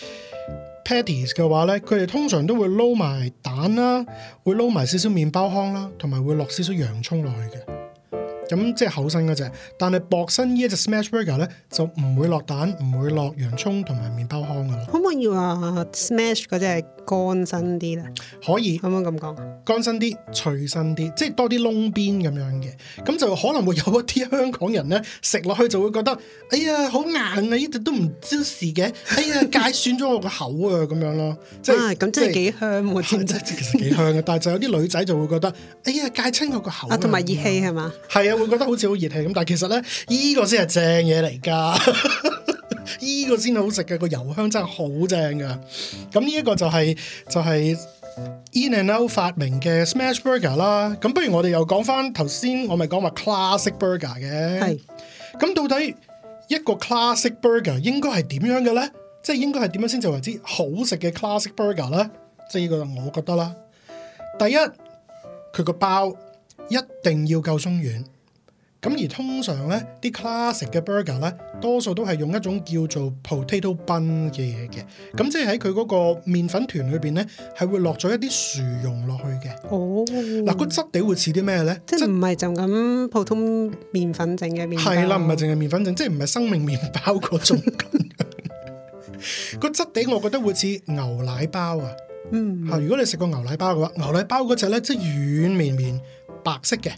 Patties 嘅話咧，佢哋通常都會撈埋蛋啦，會撈埋少少麵包糠啦，同埋會落少少洋葱落去嘅。咁即係厚身嗰隻，但係薄身隻呢隻 Smash Burger 咧就唔會落蛋，唔會落洋葱同埋麵包糠噶啦。可唔可以話 Smash 嗰隻乾身啲咧？可以可唔可以咁講？乾身啲、脆身啲，即係多啲窿邊咁樣嘅，咁就可能會有一啲香港人咧食落去就會覺得，哎呀好硬啊！呢隻都唔知事嘅，哎呀㓤損咗我個口啊，咁樣咯。啊，咁真係幾香喎！真係其實幾香嘅，但係就有啲女仔就會覺得，哎呀㓤親我個口啊，同埋熱氣係嘛？係啊。會覺得好似好熱氣咁，但係其實咧，呢、呢個先係正嘢嚟噶，呢 個先係好食嘅，個油香真係好正噶。咁呢一個就係、是、就係、是、In and Out 發明嘅 Smash Burger 啦。咁不如我哋又講翻頭先，我咪講話 Classic Burger 嘅。係是。咁到底一個 Classic Burger 應該係點樣嘅咧？即係應該係點樣先至為之好食嘅 Classic Burger 咧？即係呢個我覺得啦。第一，佢個包一定要夠鬆軟。咁而通常咧，啲 classic 嘅 burger 咧，多數都係用一種叫做 potato bun 嘅嘢嘅。咁即係喺佢嗰個麵粉團裏邊咧，係會落咗一啲薯蓉落去嘅。哦，嗱、啊，個質地會似啲咩咧？即係唔係就咁普通麵粉整嘅麵？係啦，唔係淨係麵粉整，即係唔係生命麵包嗰種。個 質地，我覺得會似牛奶包啊。嗯，係。如果你食過牛奶包嘅話，牛奶包嗰隻咧，即係軟綿綿綿、白色嘅，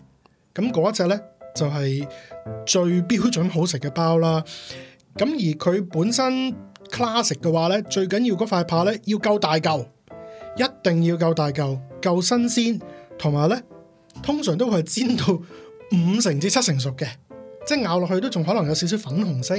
咁嗰隻咧。就係最標準好食嘅包啦，咁而佢本身 classic 嘅話咧，最緊要嗰塊扒咧要夠大嚿，一定要夠大嚿，夠新鮮，同埋咧通常都會煎到五成至七成熟嘅，即係咬落去都仲可能有少少粉紅色，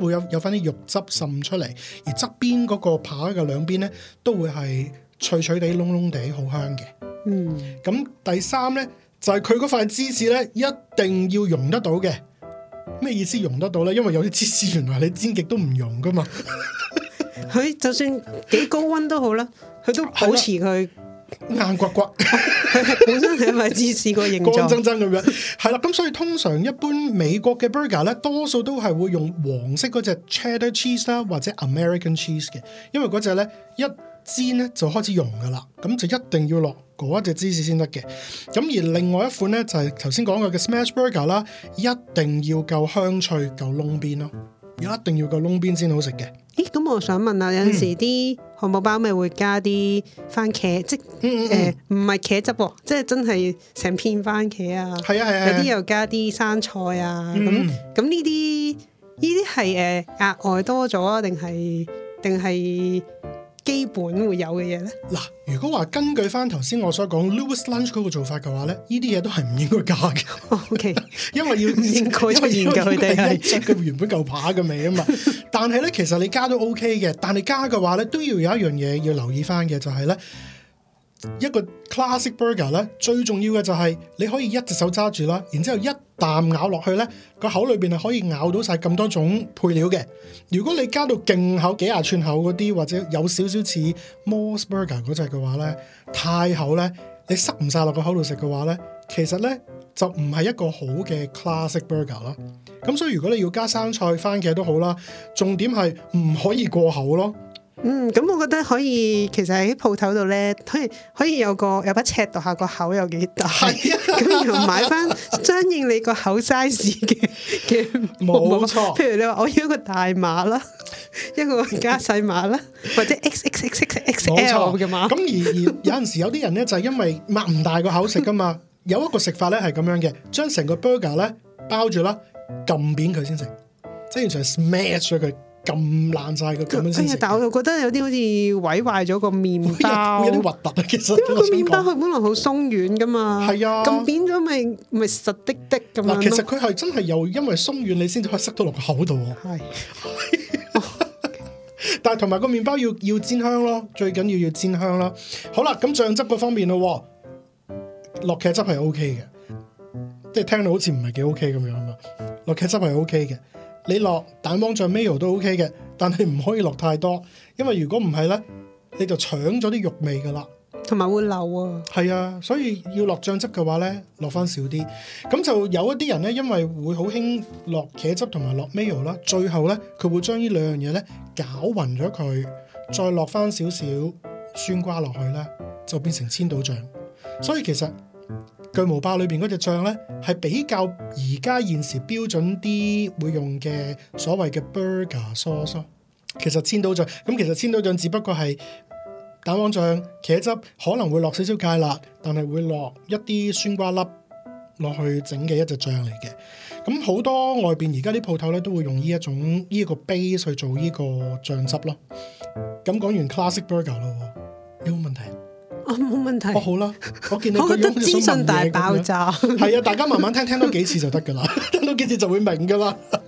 會有有返啲肉汁滲出嚟，而側邊嗰個扒嘅兩邊咧都會係脆脆地、燶燶地，好香嘅。嗯，咁第三咧。就係佢嗰塊芝士咧，一定要溶得到嘅。咩意思溶得到咧？因為有啲芝士原來你煎極都唔溶噶嘛。佢 就算幾高溫都好啦，佢都保持佢硬刮刮。 哦，本身係咪芝士個形狀？ 真真咁樣。係啦，咁所以通常一般美國嘅 burger 咧，多數都係會用黃色嗰隻 cheddar cheese 啦，或者 American cheese 嘅。因為嗰隻咧一。煎咧就開始溶噶啦，咁就一定要落嗰一隻芝士先得嘅。咁而另外一款咧就係頭先講過嘅 Smash Burger 啦，一定要夠香脆、夠窿邊咯，要一定要夠窿邊先好食嘅。咦？咁我想問啊，有陣時啲漢堡包咪會加啲番茄，即係誒唔係茄汁喎，即係真係成片番茄啊。係啊係啊，啊有啲又加啲生菜啊咁。咁呢啲呢啲係誒額外多咗啊？定係定係？基本會有嘅嘢咧，嗱，如果話根據翻頭先我所講 Louis' Lunch 嗰個做法嘅話咧，呢啲嘢都係唔應該加嘅，OK，因為要 應該出現嘅佢第一 原本嚿扒嘅味啊嘛， 但係咧其實你加都 OK 嘅，但係加嘅話咧都要有一樣嘢要留意翻嘅就係、是、咧。一個 classic burger 咧，最重要嘅就係你可以一隻手揸住啦，然之後一啖咬落去咧，個口裏邊係可以咬到晒咁多種配料嘅。如果你加到勁厚，厚幾廿寸厚嗰啲，或者有少少似 Moss Burger 嗰隻嘅話咧，太厚咧，你塞唔晒落個口度食嘅話咧，其實咧就唔係一個好嘅 classic burger 咯。咁所以如果你要加生菜、番茄都好啦，重點係唔可以過厚咯。嗯，咁我覺得可以，其實喺鋪頭度咧，可以可以有個有把尺度下個口有幾大，咁是呀 然後買翻，適應 你口個口 size 嘅嘅，冇錯。譬如你話我要一個大碼啦，一個加細碼啦，或者 X X X X X, X L 嘅錯碼嘛。咁而有陣時有啲人咧就係因為擘唔大個口食噶嘛，有一個食法咧係咁樣嘅，將成個 burger 咧包住啦，撳扁佢先食，即係完全 smash 咗佢。咁爛晒個咁樣先。但係我就覺得有啲好似毀壞咗個麵包， 會有啲核突啊！其實因為個麵包佢本來好鬆軟噶嘛，係啊，咁扁咗咪咪實滴滴咁樣。其實佢係真係又因為鬆軟你先至可以塞到落個口度啊。係，但係同埋個麵包要要煎香咯，最緊要要煎香啦。好啦，咁醬汁個方面咯，落茄汁係 O K 嘅，即係聽到好似唔係幾 O K 咁樣啊，落茄汁係 O K 嘅。你落蛋黃醬、mayo 都 OK 嘅，但係唔可以落太多，因為如果唔係呢，你就搶咗啲肉味噶啦，同埋會漏啊。係啊，所以要落醬汁嘅話呢，落翻少啲。咁就有一啲人呢，因為會好興落茄汁同埋落 mayo 啦，最後呢，佢會將呢兩樣嘢呢攪勻咗佢，再落翻少少酸瓜落去呢，就變成千島醬。所以其實～巨無霸裏邊嗰隻醬呢，係比較而家現時標準啲會用嘅所謂嘅 burger sauce。其實千島醬，咁其實千島醬只不過係蛋黃醬、茄汁，可能會落少少芥辣，但係會落一啲酸瓜粒落去整嘅一隻醬嚟嘅。咁好多外邊而家啲鋪頭呢，都會用呢一種呢個 base 去做呢個醬汁咯。咁講完 classic burger 啦，有冇問題？我冇、哦、問題。我、哦、好啦，我見你個樣想問嘢咁樣，我覺得資訊大爆炸，係 啊，大家慢慢聽，聽多幾次就得噶啦， 聽多幾次就會明噶啦。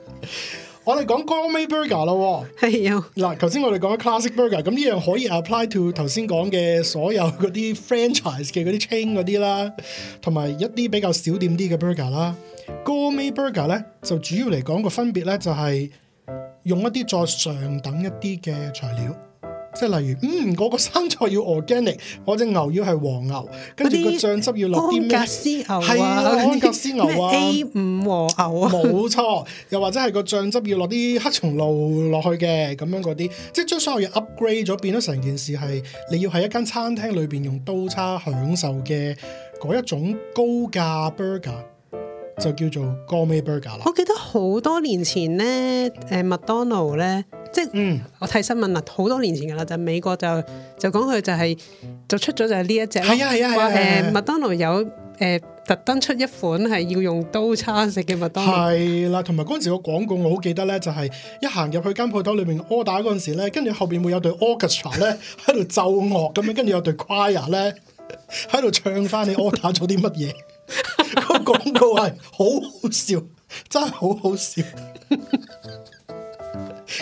我哋講 Gourmet Burger 咯、哦，係啊。嗱，頭先我哋講 Classic Burger，咁呢樣可以 apply to 頭先講嘅所有嗰啲 franchise 嘅嗰啲 chain 嗰啲啦，同埋一啲比較小店啲嘅 burger 啦。Gourmet Burger 咧，就主要嚟講個分別咧，就係用一啲再上等一啲嘅材料。即係例如，嗯，我、嗰個生菜要 organic，我隻牛要係黃牛，跟住個醬汁要落啲咩？安格斯牛啊，安格斯牛啊，A 五和牛啊。冇錯， 又或者係個醬汁要落啲黑松露落去嘅，咁樣嗰啲，即係將所有嘢 upgrade 咗，變咗成件事係你要喺一間餐廳裏邊用刀叉享受嘅嗰一種高價 burger，就叫做 gourmet burger 啦。我記得好多年前咧，誒、欸、麥當勞咧。即係，嗯、mm.，我睇新聞啦，好多年前噶啦，就美國就就講佢就係、是、就出咗就係呢一隻，係啊係啊，話誒麥當勞有誒、呃、特登出一款係要用刀叉食嘅麥當勞，係啦，同埋嗰陣時個廣告我好記得咧，就係一行入去間鋪頭裏面 order 嗰陣時咧，跟住後邊會有對 orchestra 咧喺度奏樂咁樣，跟住有對 choir 咧喺度唱翻你 order 咗啲乜嘢， 個廣告係好好笑，真係好好笑。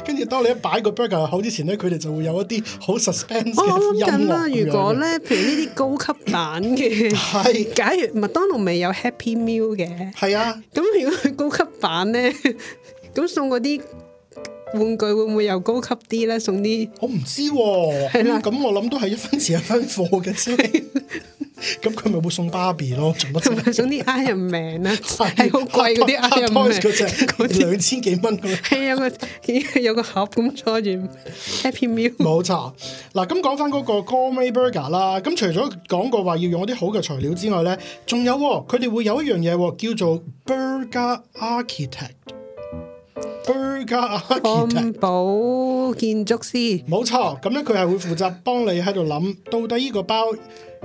跟住，當你一擺個 burger 好之前咧，佢哋就會有一啲好 suspense 嘅、哦、我諗緊啦，如果咧，譬如呢啲高級版嘅，係，假如麥當勞未有 Happy Meal 嘅，係啊，咁如果佢高級版咧，咁 送嗰啲玩具會唔會又高級啲咧？送啲我唔知喎、啊，係咁、啊、我諗都係一分錢一分貨嘅啫。 咁佢咪會送芭比咯。做乜啫，送啲 Iron Man 啦，係好貴嗰啲 Iron Man 嗰隻，兩千幾蚊噶。係有個有個盒咁坐住 Happy Meal。冇錯，嗱咁講翻嗰個 Gourmet Burger 啦。咁除咗講過話要用一啲好嘅材料之外咧，仲有佢哋會有一樣嘢，叫做 Burger Architect，Burger Architect，包建築師。冇錯，咁咧佢係會負責幫你喺度諗到底呢個包。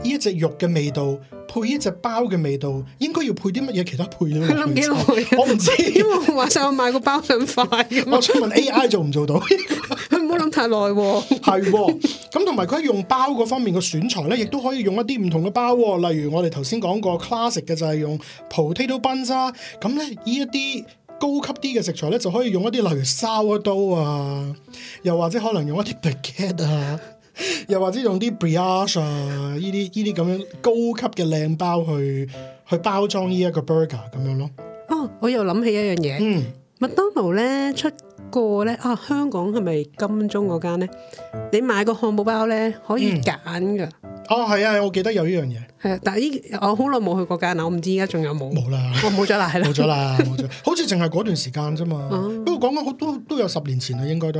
呢一隻肉嘅味道配呢隻包嘅味道，應該要配啲乜嘢其他配料？佢諗幾耐我唔知， 因為話晒我買個包咁快。我想問 A I 做唔做到？唔好諗太耐喎 的。係，咁同埋佢用包嗰方面嘅選材咧，亦都可以用一啲唔同嘅包。例如我哋頭先講過 classic 嘅就係用 potato buns 啦。咁咧依一啲高級啲嘅食材咧，就可以用一啲例如 shaward 刀啊，又或者可能用一啲 b e c a d 啊。又或者用啲 brioche 啊，依啲依啲咁樣高級嘅靚包去去包裝呢一個 burger 咁樣咯。哦，我又諗起一樣嘢，嗯、麥當勞咧出過咧啊，香港係咪金鐘嗰間咧？你買個漢堡包咧可以揀噶、嗯。哦，係啊，我記得有依樣嘢。係啊，但呢，我好耐冇去嗰間啦，我唔知依家仲有冇冇啦，冇咗啦，冇咗啦，好似淨係嗰段時間啫嘛。啊講講好多都有十年前啦，應該都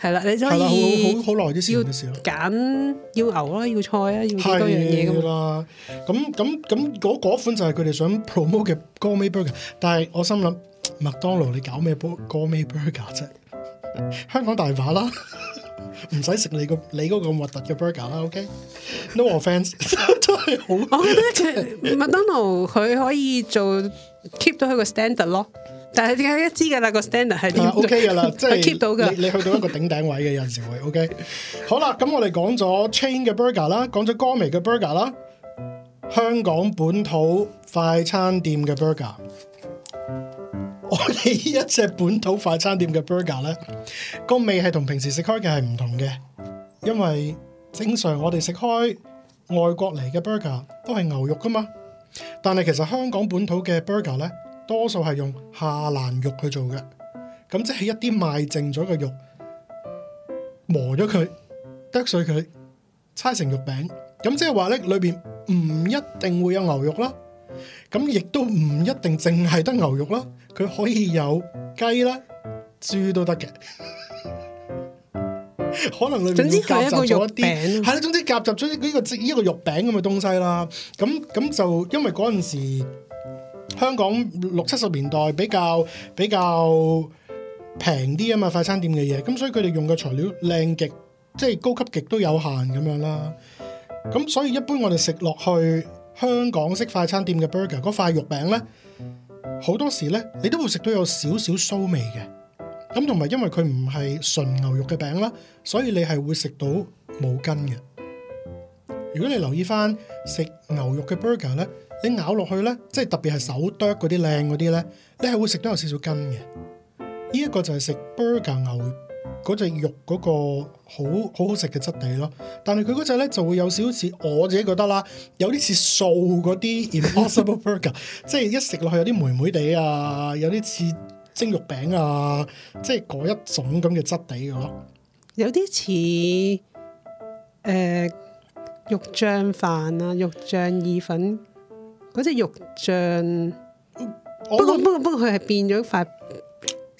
係啦，你都可以好好耐啲先嘅事咯。揀要，要牛啦，要菜啊，要多樣嘢咁嘛。咁咁咁嗰款就係佢哋想 promote 嘅 Gourmet Burger，但係我心諗麥當勞你搞咩 Gourmet Burger 啫？ 香港大把啦，唔使食你，你個你嗰個咁核突嘅 burger 啦。OK，no、okay? offense 真係好。我覺得麥當勞佢可以做 keep 到佢個 standard 咯。但係點解一知嘅啦？個 standard 係、啊、OK 嘅啦， 即係 keep 到嘅。你去到一個頂頂位嘅 有陣時會 OK 好。好啦，咁我哋講咗 Chain 嘅 burger 啦，講咗 gourmet 嘅 burger 啦，香港本土快餐店嘅 burger。 我哋呢一隻本土快餐店嘅 burger 咧，個味係同平時食開嘅係唔同嘅，因為正常我哋食開外國嚟嘅 burger 都係牛肉噶嘛，但係其實香港本土嘅 burger 咧。多數係用下欄肉去做嘅，咁即係一啲賣剩咗嘅肉，磨咗佢，剁碎佢，搓成肉餅。咁即係話咧，裏邊唔一定會有牛肉啦，咁亦都唔一定淨係得牛肉啦，佢可以有雞啦、豬都得嘅。 可能裡面總之佢一個肉餅，係啦，總之夾雜咗呢個呢個、這個、肉餅咁嘅東西啦。咁咁就因為嗰陣時。香港六七十年代比較比較平啲啊嘛，快餐店嘅嘢，咁所以佢哋用嘅材料靚極，即係高級極都有限咁樣啦。咁所以一般我哋食落去香港式快餐店嘅 burger，嗰塊肉餅咧，好多時咧你都會食到有少少酥味嘅。咁同埋因為佢唔係純牛肉嘅餅啦，所以你係會食到冇筋嘅。如果你留意返食牛肉嘅 burger 咧。你咬落去咧，即係特別係手剁嗰啲靚嗰啲咧，你係會食得有少少筋嘅。呢、這、一個就係食 burger 牛嗰隻肉嗰、嗰個好，好好好食嘅質地咯。但係佢嗰隻咧就會有少少似我自己覺得啦，有啲似素嗰啲 Impossible Burger， 即係一食落去有啲黴黴地啊，有啲似蒸肉餅啊，即係嗰一種咁嘅質地嘅咯。有啲似誒肉醬飯啊，肉醬意粉。嗰隻肉醬，不過不過不過佢係變咗塊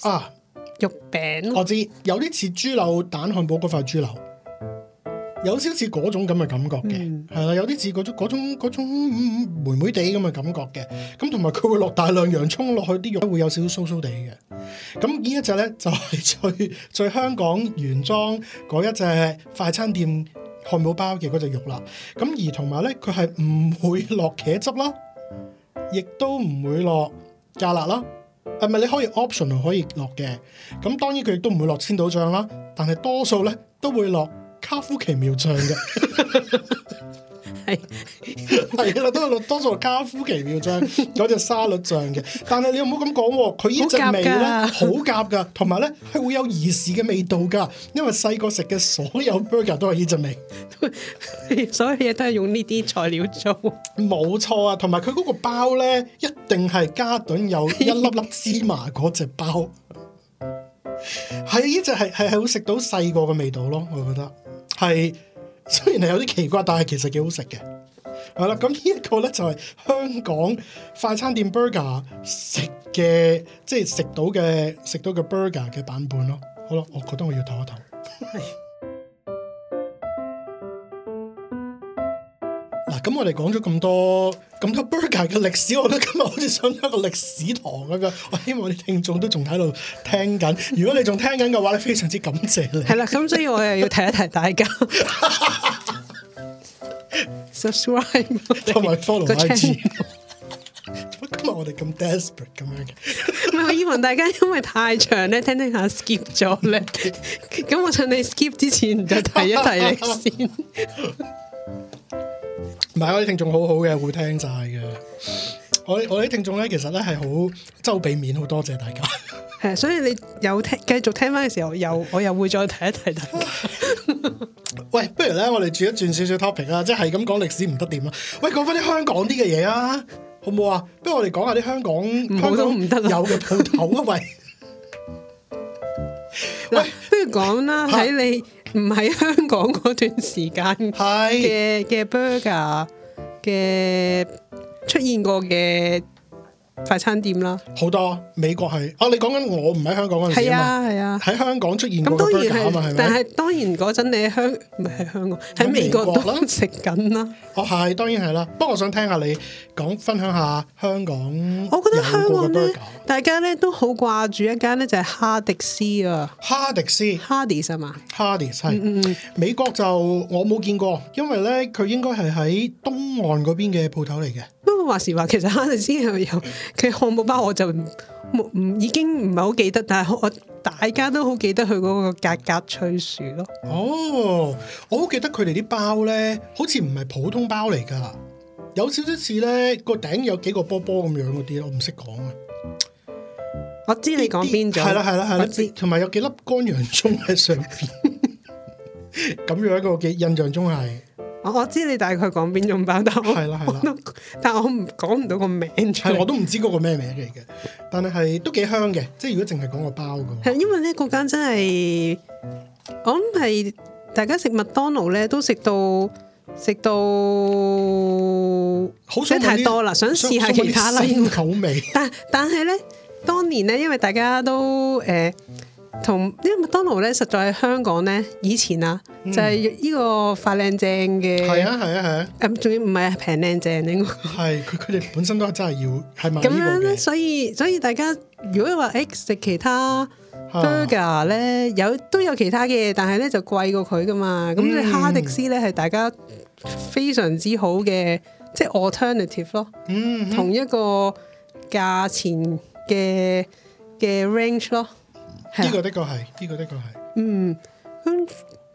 啊肉餅。我知有啲似豬柳蛋漢堡嗰塊豬柳，有少少似嗰種咁嘅感覺嘅，係啦、嗯，有啲似嗰種嗰種嗰種黴黴地咁嘅感覺嘅。咁同埋佢會落大量洋蔥落去，啲肉都會有少少酥酥地嘅。咁呢一隻咧就係最最香港原裝嗰一隻快餐店漢堡包嘅嗰隻肉啦。咁而同埋咧，佢係唔會落茄汁啦。亦都唔會落芥辣啦，係咪你可以 optional 可以落嘅？咁當然佢亦都唔會落千島醬啦，但係多數咧都會落卡夫奇妙醬嘅。 係係啦，都係多數卡夫奇妙醬嗰隻沙律醬嘅。但係你唔好咁講，佢呢隻味咧好夾噶，同埋咧係會有兒時嘅味道噶。因為細個食嘅所有 burger 都係呢隻味， 所有嘢都係用呢啲材料做。冇錯啊，同埋佢嗰個包咧，一定係加頓有一粒粒芝麻嗰隻包。係啊，呢隻係係係會食到細個嘅味道咯，我覺得係。雖然係有啲奇怪，但係其實幾好食嘅。係啦，咁呢一個咧就係香港快餐店 burger 食嘅，即係食到嘅食到嘅 burger 嘅版本咯。好啦，我覺得我要唞一唞。 咁、啊、我哋講咗咁多咁多 burger 嘅歷史，我覺得今日好似上咗個歷史堂咁樣。我希望啲聽眾都仲喺度聽緊。如果你仲聽緊嘅話，你非常之感謝你。係啦，咁所以我又要提一提大家 subscribe，同埋 follow 我個 channel。IG 點解今日我哋咁 desperate 咁 樣嘅？我以為大家因為太長咧，聽聽下 skip 咗咧。咁 我趁你 skip 之前，就提一提你先。 唔係，我啲聽眾好好嘅，會聽晒嘅。我我啲聽眾咧，其實咧係好周俾面，好多謝大家。係， 所以你有聽繼續聽翻嘅時候，又我又會再提一提、 啊。喂，不如咧，我哋轉一轉少少 topic 啊，即係咁講歷史唔得點啊？喂，講翻啲香港啲嘅嘢啊，好唔好啊？不如我哋講下啲香港唔得有嘅鋪頭啊？喂，喂，不如講啦，喺你。唔係香港嗰段時間嘅嘅 burger 嘅出現過嘅。快餐店啦，好多美國係哦。你講緊我唔喺香港嗰陣啊？係啊，喺香港出現嗰啲 burger 啊嘛，係咪？但係當然嗰陣你喺香唔係喺香港喺美國啦食緊啦。哦，係當然係啦。不過我想聽下你講分享下香港，我覺得香港咧大家咧都好掛住一間咧就係哈迪斯啊，哈迪斯，Hardee's 嘛，Hardee's 係。美國就我冇見過，因為咧佢應該係喺東岸嗰邊嘅鋪頭嚟嘅。不過話時話，其實哈迪斯係咪有。佢漢堡包我就冇唔已經唔係好記得，但係我大家都好記得佢嗰個格格脆薯咯。哦，我好記得佢哋啲包咧，好似唔係普通包嚟噶，有少少似咧個頂有幾個波波咁樣嗰啲咯，我唔識講啊。我，我知你講邊種，係啦，係啦，係啦，同埋有，有幾粒乾洋蔥喺上邊，咁 樣一個嘅印象中係。我知你大概講邊種包，但係我，但係我唔講唔到個名出嚟，我都唔知嗰個咩名嚟嘅，但係都幾香嘅，即係如果淨係講個包嘅。係因為呢嗰間真係講係大家食麥當勞咧，都食到食到，好想太多啦，想，想試下其他想口味。但但係咧，當年咧，因為大家都誒。呃同因為麥當勞咧，實在香港咧，以前啊，嗯、就係呢個發靚正嘅。係啊，係啊，係啊。咁仲、嗯、要唔係平靚正應該係佢佢哋本身都真係要喺麥當勞咁樣，所以所以大家如果你話誒食其他 burger 咧，啊、有都有其他嘅，但係咧就貴過佢噶嘛。咁你、嗯、哈迪斯咧係大家非常之好嘅，即係 alternative 咯。嗯，嗯同一個價錢嘅嘅 range 咯。呢個的確係，呢、這個的確係。嗯，咁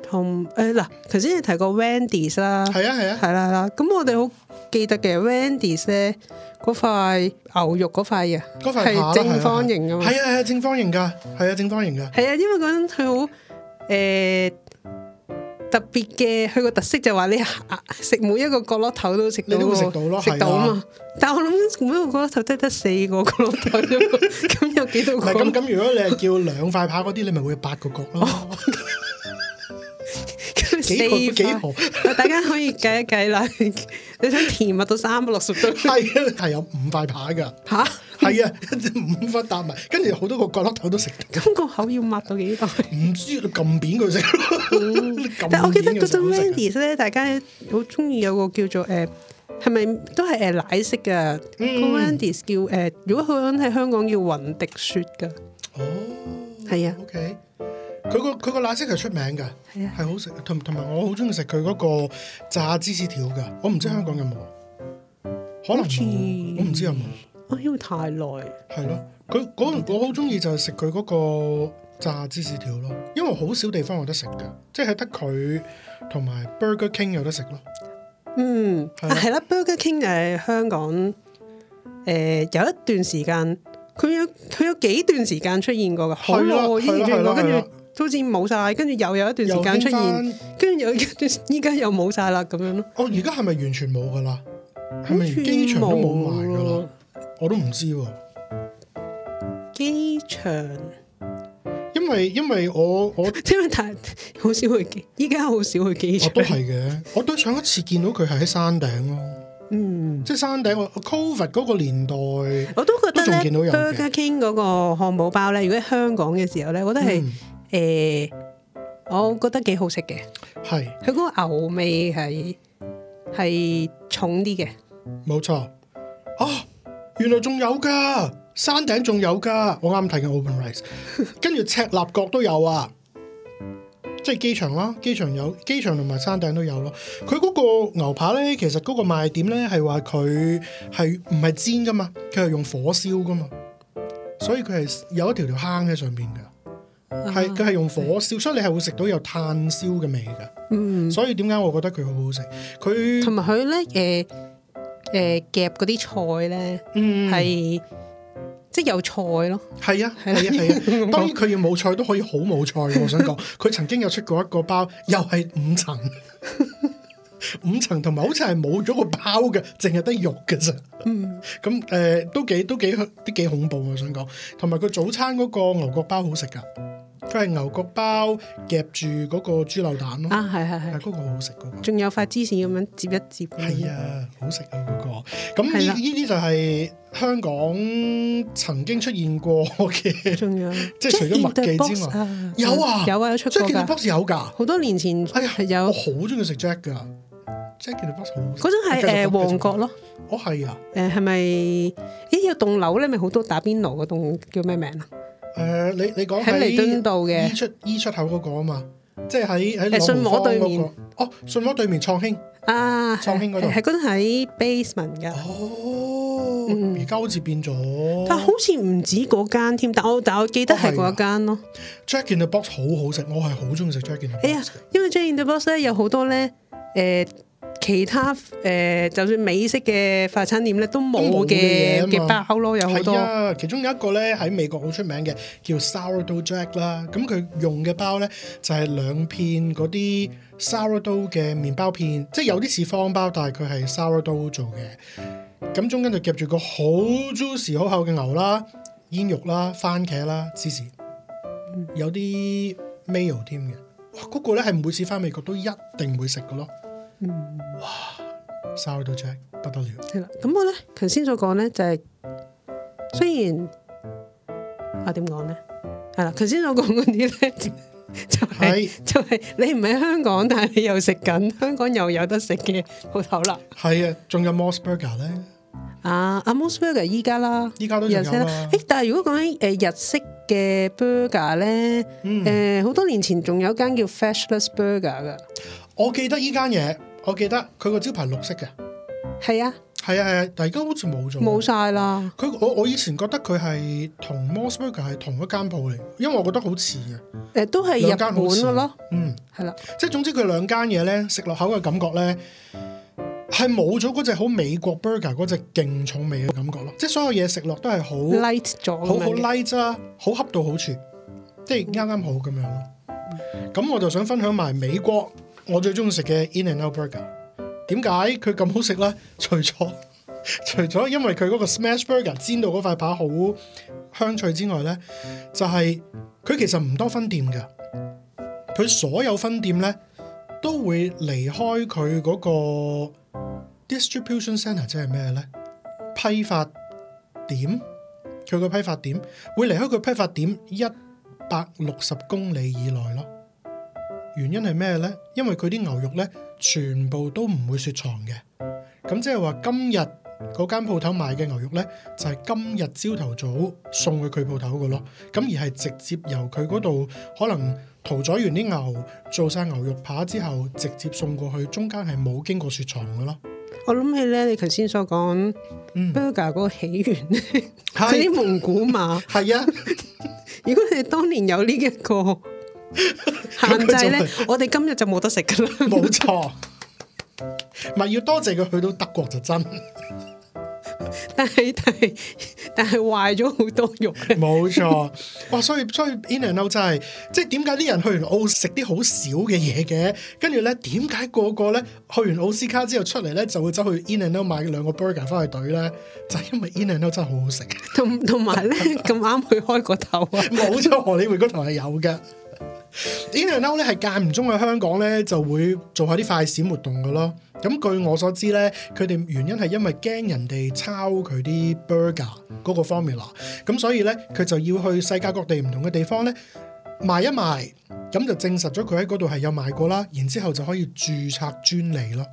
同誒嗱，頭先你提過 Wendy's 啦，係啊係啊，係啦係啦。咁、啊、我哋好記得嘅 Wendy's 咧，嗰塊牛肉嗰塊嘢，係正方形嘛啊，係啊係啊，正方形㗎，係啊正方形㗎，係啊，因為嗰陣佢好誒。欸特別嘅，佢個特色就話你食、啊、每一個角落頭都食到，食到食啊嘛！到的但我諗每一個角落頭得得四個角落頭啫嘛，咁 有幾多個？唔係咁咁，如果你係叫兩塊扒嗰啲， 你咪會有八個角咯。 幾塊幾 大家可以計一計啦。 你想甜麥到三百六十度？係係 有五塊扒噶。吓，係啊，即係五塊搭埋，跟住好多個角落頭都食得。咁個口要抹到幾大？唔 知你撳扁佢食。 但係我記得嗰種 Wendy's 咧，大家好中意，有個叫做誒，係、呃、咪都係誒奶色噶 Wendy's、嗯、個叫誒、呃，如果佢講喺香港叫雲迪雪噶。哦，係啊的。OK。佢個佢個奶昔係出名嘅，係啊，係好食。同同埋我好中意食佢嗰個炸芝士條嘅，我唔知香港有冇，可能我唔知有冇，因為太耐。係咯，佢我好中意就係食佢嗰個炸芝士條咯，因為好少地方有得食嘅，即係得佢同埋 Burger King 有得食咯。嗯，係啦，啊啊，Burger King 誒香港誒，呃，有一段時間，佢有佢有幾段時間出現過嘅，好耐以前，跟住。都好似冇晒，跟住又有一段時間出現，跟住又依家又冇晒啦，咁樣咯。哦，而家係咪完全冇噶啦？係咪機場都冇埋噶啦，我都唔知。機場，因為因為我我點解睇，好少去？依家好少去機場。我都係嘅，我都上一次見到佢係喺山頂咯。 嗯，即係山頂。我 covid 嗰個年代，我都覺得咧。Burger King 嗰個漢堡包咧，如果喺香港嘅時候咧，我覺得係、嗯。誒、欸，我覺得幾好食嘅，係佢嗰個牛味係係重啲嘅，冇錯。啊，原來仲有噶，山頂仲有噶，我啱睇緊 Open Rice，跟住 赤鱲角都有啊，即係機場咯、啊，機場有，機場同埋山頂都有咯、啊。佢嗰個牛扒咧，其實嗰個賣點咧係話佢係唔係煎噶嘛，佢係用火燒噶嘛，所以佢係有一條條坑喺上邊嘅。係佢係用火燒，所以你係會食到有炭燒嘅味噶。嗯，所以點解我覺得佢好好食？佢同埋佢咧，誒誒夾嗰啲菜咧，係、嗯、即係有菜咯。係啊係啊係啊，當然佢要冇菜都可以好冇菜。我想講，佢 曾經有出過一個包，又係五層， 五層同埋好似係冇咗個包嘅，淨係得肉嘅啫。嗯，咁誒、 嗯呃、都幾都幾吓，幾恐怖啊！我想講，同埋佢早餐嗰個牛角包好食噶佢係牛角包夾住嗰個豬柳蛋咯，啊係係係，嗰個好好食嗰個。仲有塊芝士咁樣接一接，係啊，好食啊嗰個。咁呢呢啲就係香港曾經出現過嘅，仲有即係除咗麥記之外，有啊有啊有出，Jack in the Box 有噶，好多年前，係啊有。我好中意食 Jack 嘅，Jack in the Box 好。嗰種係誒旺角咯，哦係啊。誒係咪？咦有棟樓咧咪好多打邊爐嗰棟叫咩名啊？誒、呃，你你講喺彌敦道嘅 E 出 E 出，出口嗰個啊嘛，即係喺喺信和對面哦，信和對面創興啊，創興嗰度係嗰陣喺 basement 哦，而家好似變咗，但好似唔止嗰間添，但我但我記得係嗰間咯。Jack in the box 好好食，我係好中意食 Jack in the box。哎呀，因為 Jack in the box 咧有好多咧誒。呃其他誒、呃，就算美式嘅快餐店咧，都冇嘅包咯，有好多。係啊，其中有一個咧喺美國好出名嘅，叫 Sourdough Jack 啦。咁、嗯、佢用嘅包咧就係、是、兩片嗰啲 Sourdough 嘅麵包片，即係有啲似方包，但係佢係 Sourdough 做嘅。咁、嗯嗯、中間就夾住個好 juicy、好厚嘅牛啦、煙肉啦、番茄啦、芝士，有啲 mayo 添嘅。哇、哦！嗰、那個咧係每次翻美國都一定會食嘅咯。嗯，哇，sorry 都 check 不得了。係啦，咁我咧，頭先所講咧，就是啊就是，就係雖然啊，點講咧，係啦，頭先所講嗰啲咧，就係就係你唔喺香港，但係你又食緊香港又有得食嘅鋪頭啦。係啊，仲有 Moss Burger 咧。啊，阿 Moss Burger 依家啦，依家都有啦。誒、欸，但係如果講起誒日式嘅 burger 咧，誒、嗯，好、呃、多年前仲有間叫 Freshness Burger 噶，我記得依間嘢。我記得佢個招牌綠色嘅，係啊，係啊，係啊，但而家好似冇咗，冇晒啦。佢我我以前覺得佢係同 MOS Burger 係同一間鋪嚟，因為我覺得好似嘅，誒都係兩間好似咯，嗯，係啦、啊。即係總之佢兩間嘢咧食落口嘅感覺咧，係冇咗嗰隻好美國 burger 嗰隻勁重味嘅感覺咯。即係所有嘢食落都係好 light 咗、啊，好好 light 啦，好恰到好處，即係啱啱好咁樣咯。咁我就想分享埋美國。我最中意食嘅 In and Out Burger，點解佢咁好食咧？除咗除咗，因為佢嗰個 Smash Burger 煎到嗰塊扒好香脆之外咧，就係、是、佢其實唔多分店㗎，佢所有分店咧都會離開佢嗰個 distribution center，即係咩咧？批發點，佢個批發點會離開佢批發點一百六十公里以內咯。原因係咩咧？因為佢啲牛肉咧，全部都唔會雪藏嘅。咁即係話，今日嗰間鋪頭賣嘅牛肉咧，就係、是、今日朝頭早送去佢鋪頭嘅咯。咁而係直接由佢嗰度可能屠宰完啲牛，做晒牛肉扒之後，直接送過去，中間係冇經過雪藏嘅咯。我諗起咧，你頭先所講、嗯、，burger 嗰個起源喺 蒙古嘛？係啊，如果你當年有呢、這、一個。限制咧，我哋今日就冇得食噶啦。冇錯，唔係要多謝佢去到德國就真，但係是 但係但係壞咗好多肉錯。冇錯，哇！所以所以 In-N-Out 真係，即係點解啲人去完澳食啲好少嘅嘢嘅？跟住咧，點解個個咧去完奧斯卡之後出嚟咧就會走去，去 In-N-Out 買兩個 burger 翻去懟咧？就係、是、因為 In-N-Out 真係好有 好食，同同埋咧咁啱佢開個頭啊！冇錯，荷里活嗰頭係有嘅。In and Out 係間唔中喺香港咧就會做下啲快閃活動嘅咯。咁據我所知咧，佢哋原因係因為驚人哋抄佢啲 burger 嗰個 formula，咁所以咧佢就要去世界各地唔同嘅地方咧賣一賣，咁就證實咗佢喺嗰度係有賣過啦。然之後就可以註冊專利咯。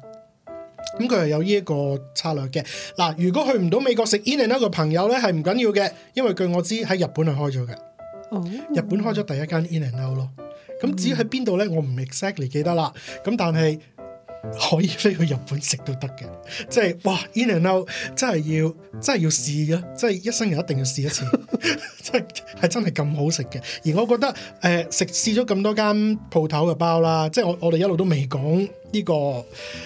咁佢係有呢一個策略嘅。嗱，如果去唔到美國食 In and Out 嘅朋友咧係唔緊要嘅，因為據我知喺日本係開咗嘅。Oh, wow. 日本開咗第一間 In and Out 咯。咁至於喺邊度咧，我唔 exactly 記得啦。咁但係可以飛去日本食都得嘅，即係哇！In and Out 真係要真係要試嘅，即係一生人一定要試一次，即係係真係咁好食嘅。而我覺得誒食、呃、試咗咁多間鋪頭嘅包啦，即係我我哋一路都未講呢個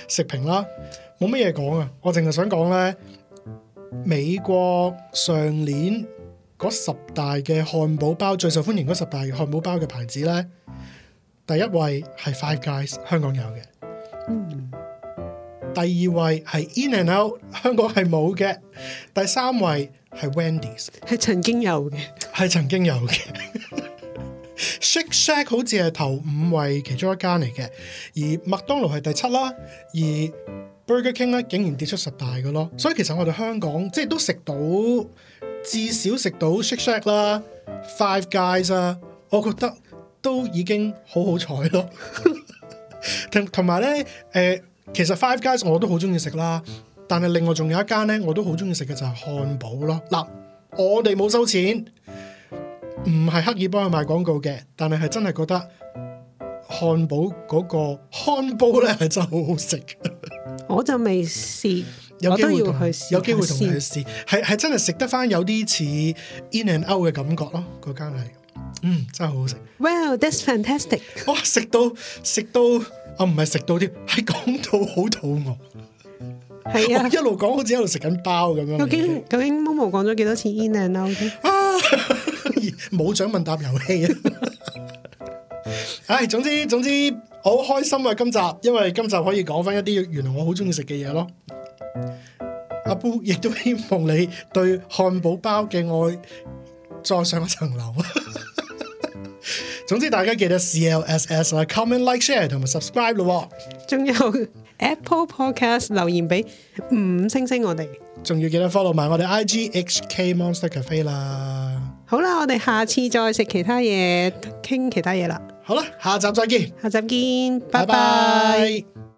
食評啦，冇乜嘢講啊！我淨係想講咧美國上年，嗰十大嘅漢堡包，最受歡迎嗰十大漢堡包嘅牌子咧，第一位係 Five Guys，香港有嘅；嗯、第二位係 In and Out，香港係冇嘅；第三位係 Wendy's，係曾經有嘅，係曾經有嘅。 Shake Shack 好似係頭五位其中一間嚟嘅，而麥當勞係第七啦，而 Burger King 咧竟然跌出十大嘅咯，所以其實我哋香港即係都食到。至少食到 Shake Shack 啦，Five Guys 啊，我覺得都已經好好彩咯。同同埋咧，誒，其實 Five Guys 我都好中意食啦，但係另外仲有一間咧，我都好中意食嘅就係漢堡咯。嗱，我哋冇收錢，唔係刻意幫佢賣廣告嘅，但係係真係覺得漢堡嗰個漢堡咧係真係好好食。我就未試。有機會我都要去，有機會同佢試係係真係食得翻，有啲似 in and out 嘅感覺咯。嗰間係嗯真係好好食。Well, that's fantastic！哇，食到食到啊，唔係食到添，係講到好肚餓係啊。一路講好似一路食緊包咁樣。究竟究竟 Momo 講咗幾多次 in and out？啊，冇獎問答遊戲啊。唉、 哎，總之總之好開心啊！今集因為今集可以講翻一啲原來我好中意食嘅嘢咯。阿姑亦都希望你對漢堡包嘅愛再上一層樓。總之大家記得 CLSS 啦，comment、like、share 同埋 subscribe 咯。仲有 Apple Podcast 留言俾五星星我哋，仲要記得 follow 埋我哋 IGHK Monster Cafe 啦。好啦，我哋下次再食其他嘢，傾其他嘢啦。好啦，下集再見。下集見，拜拜。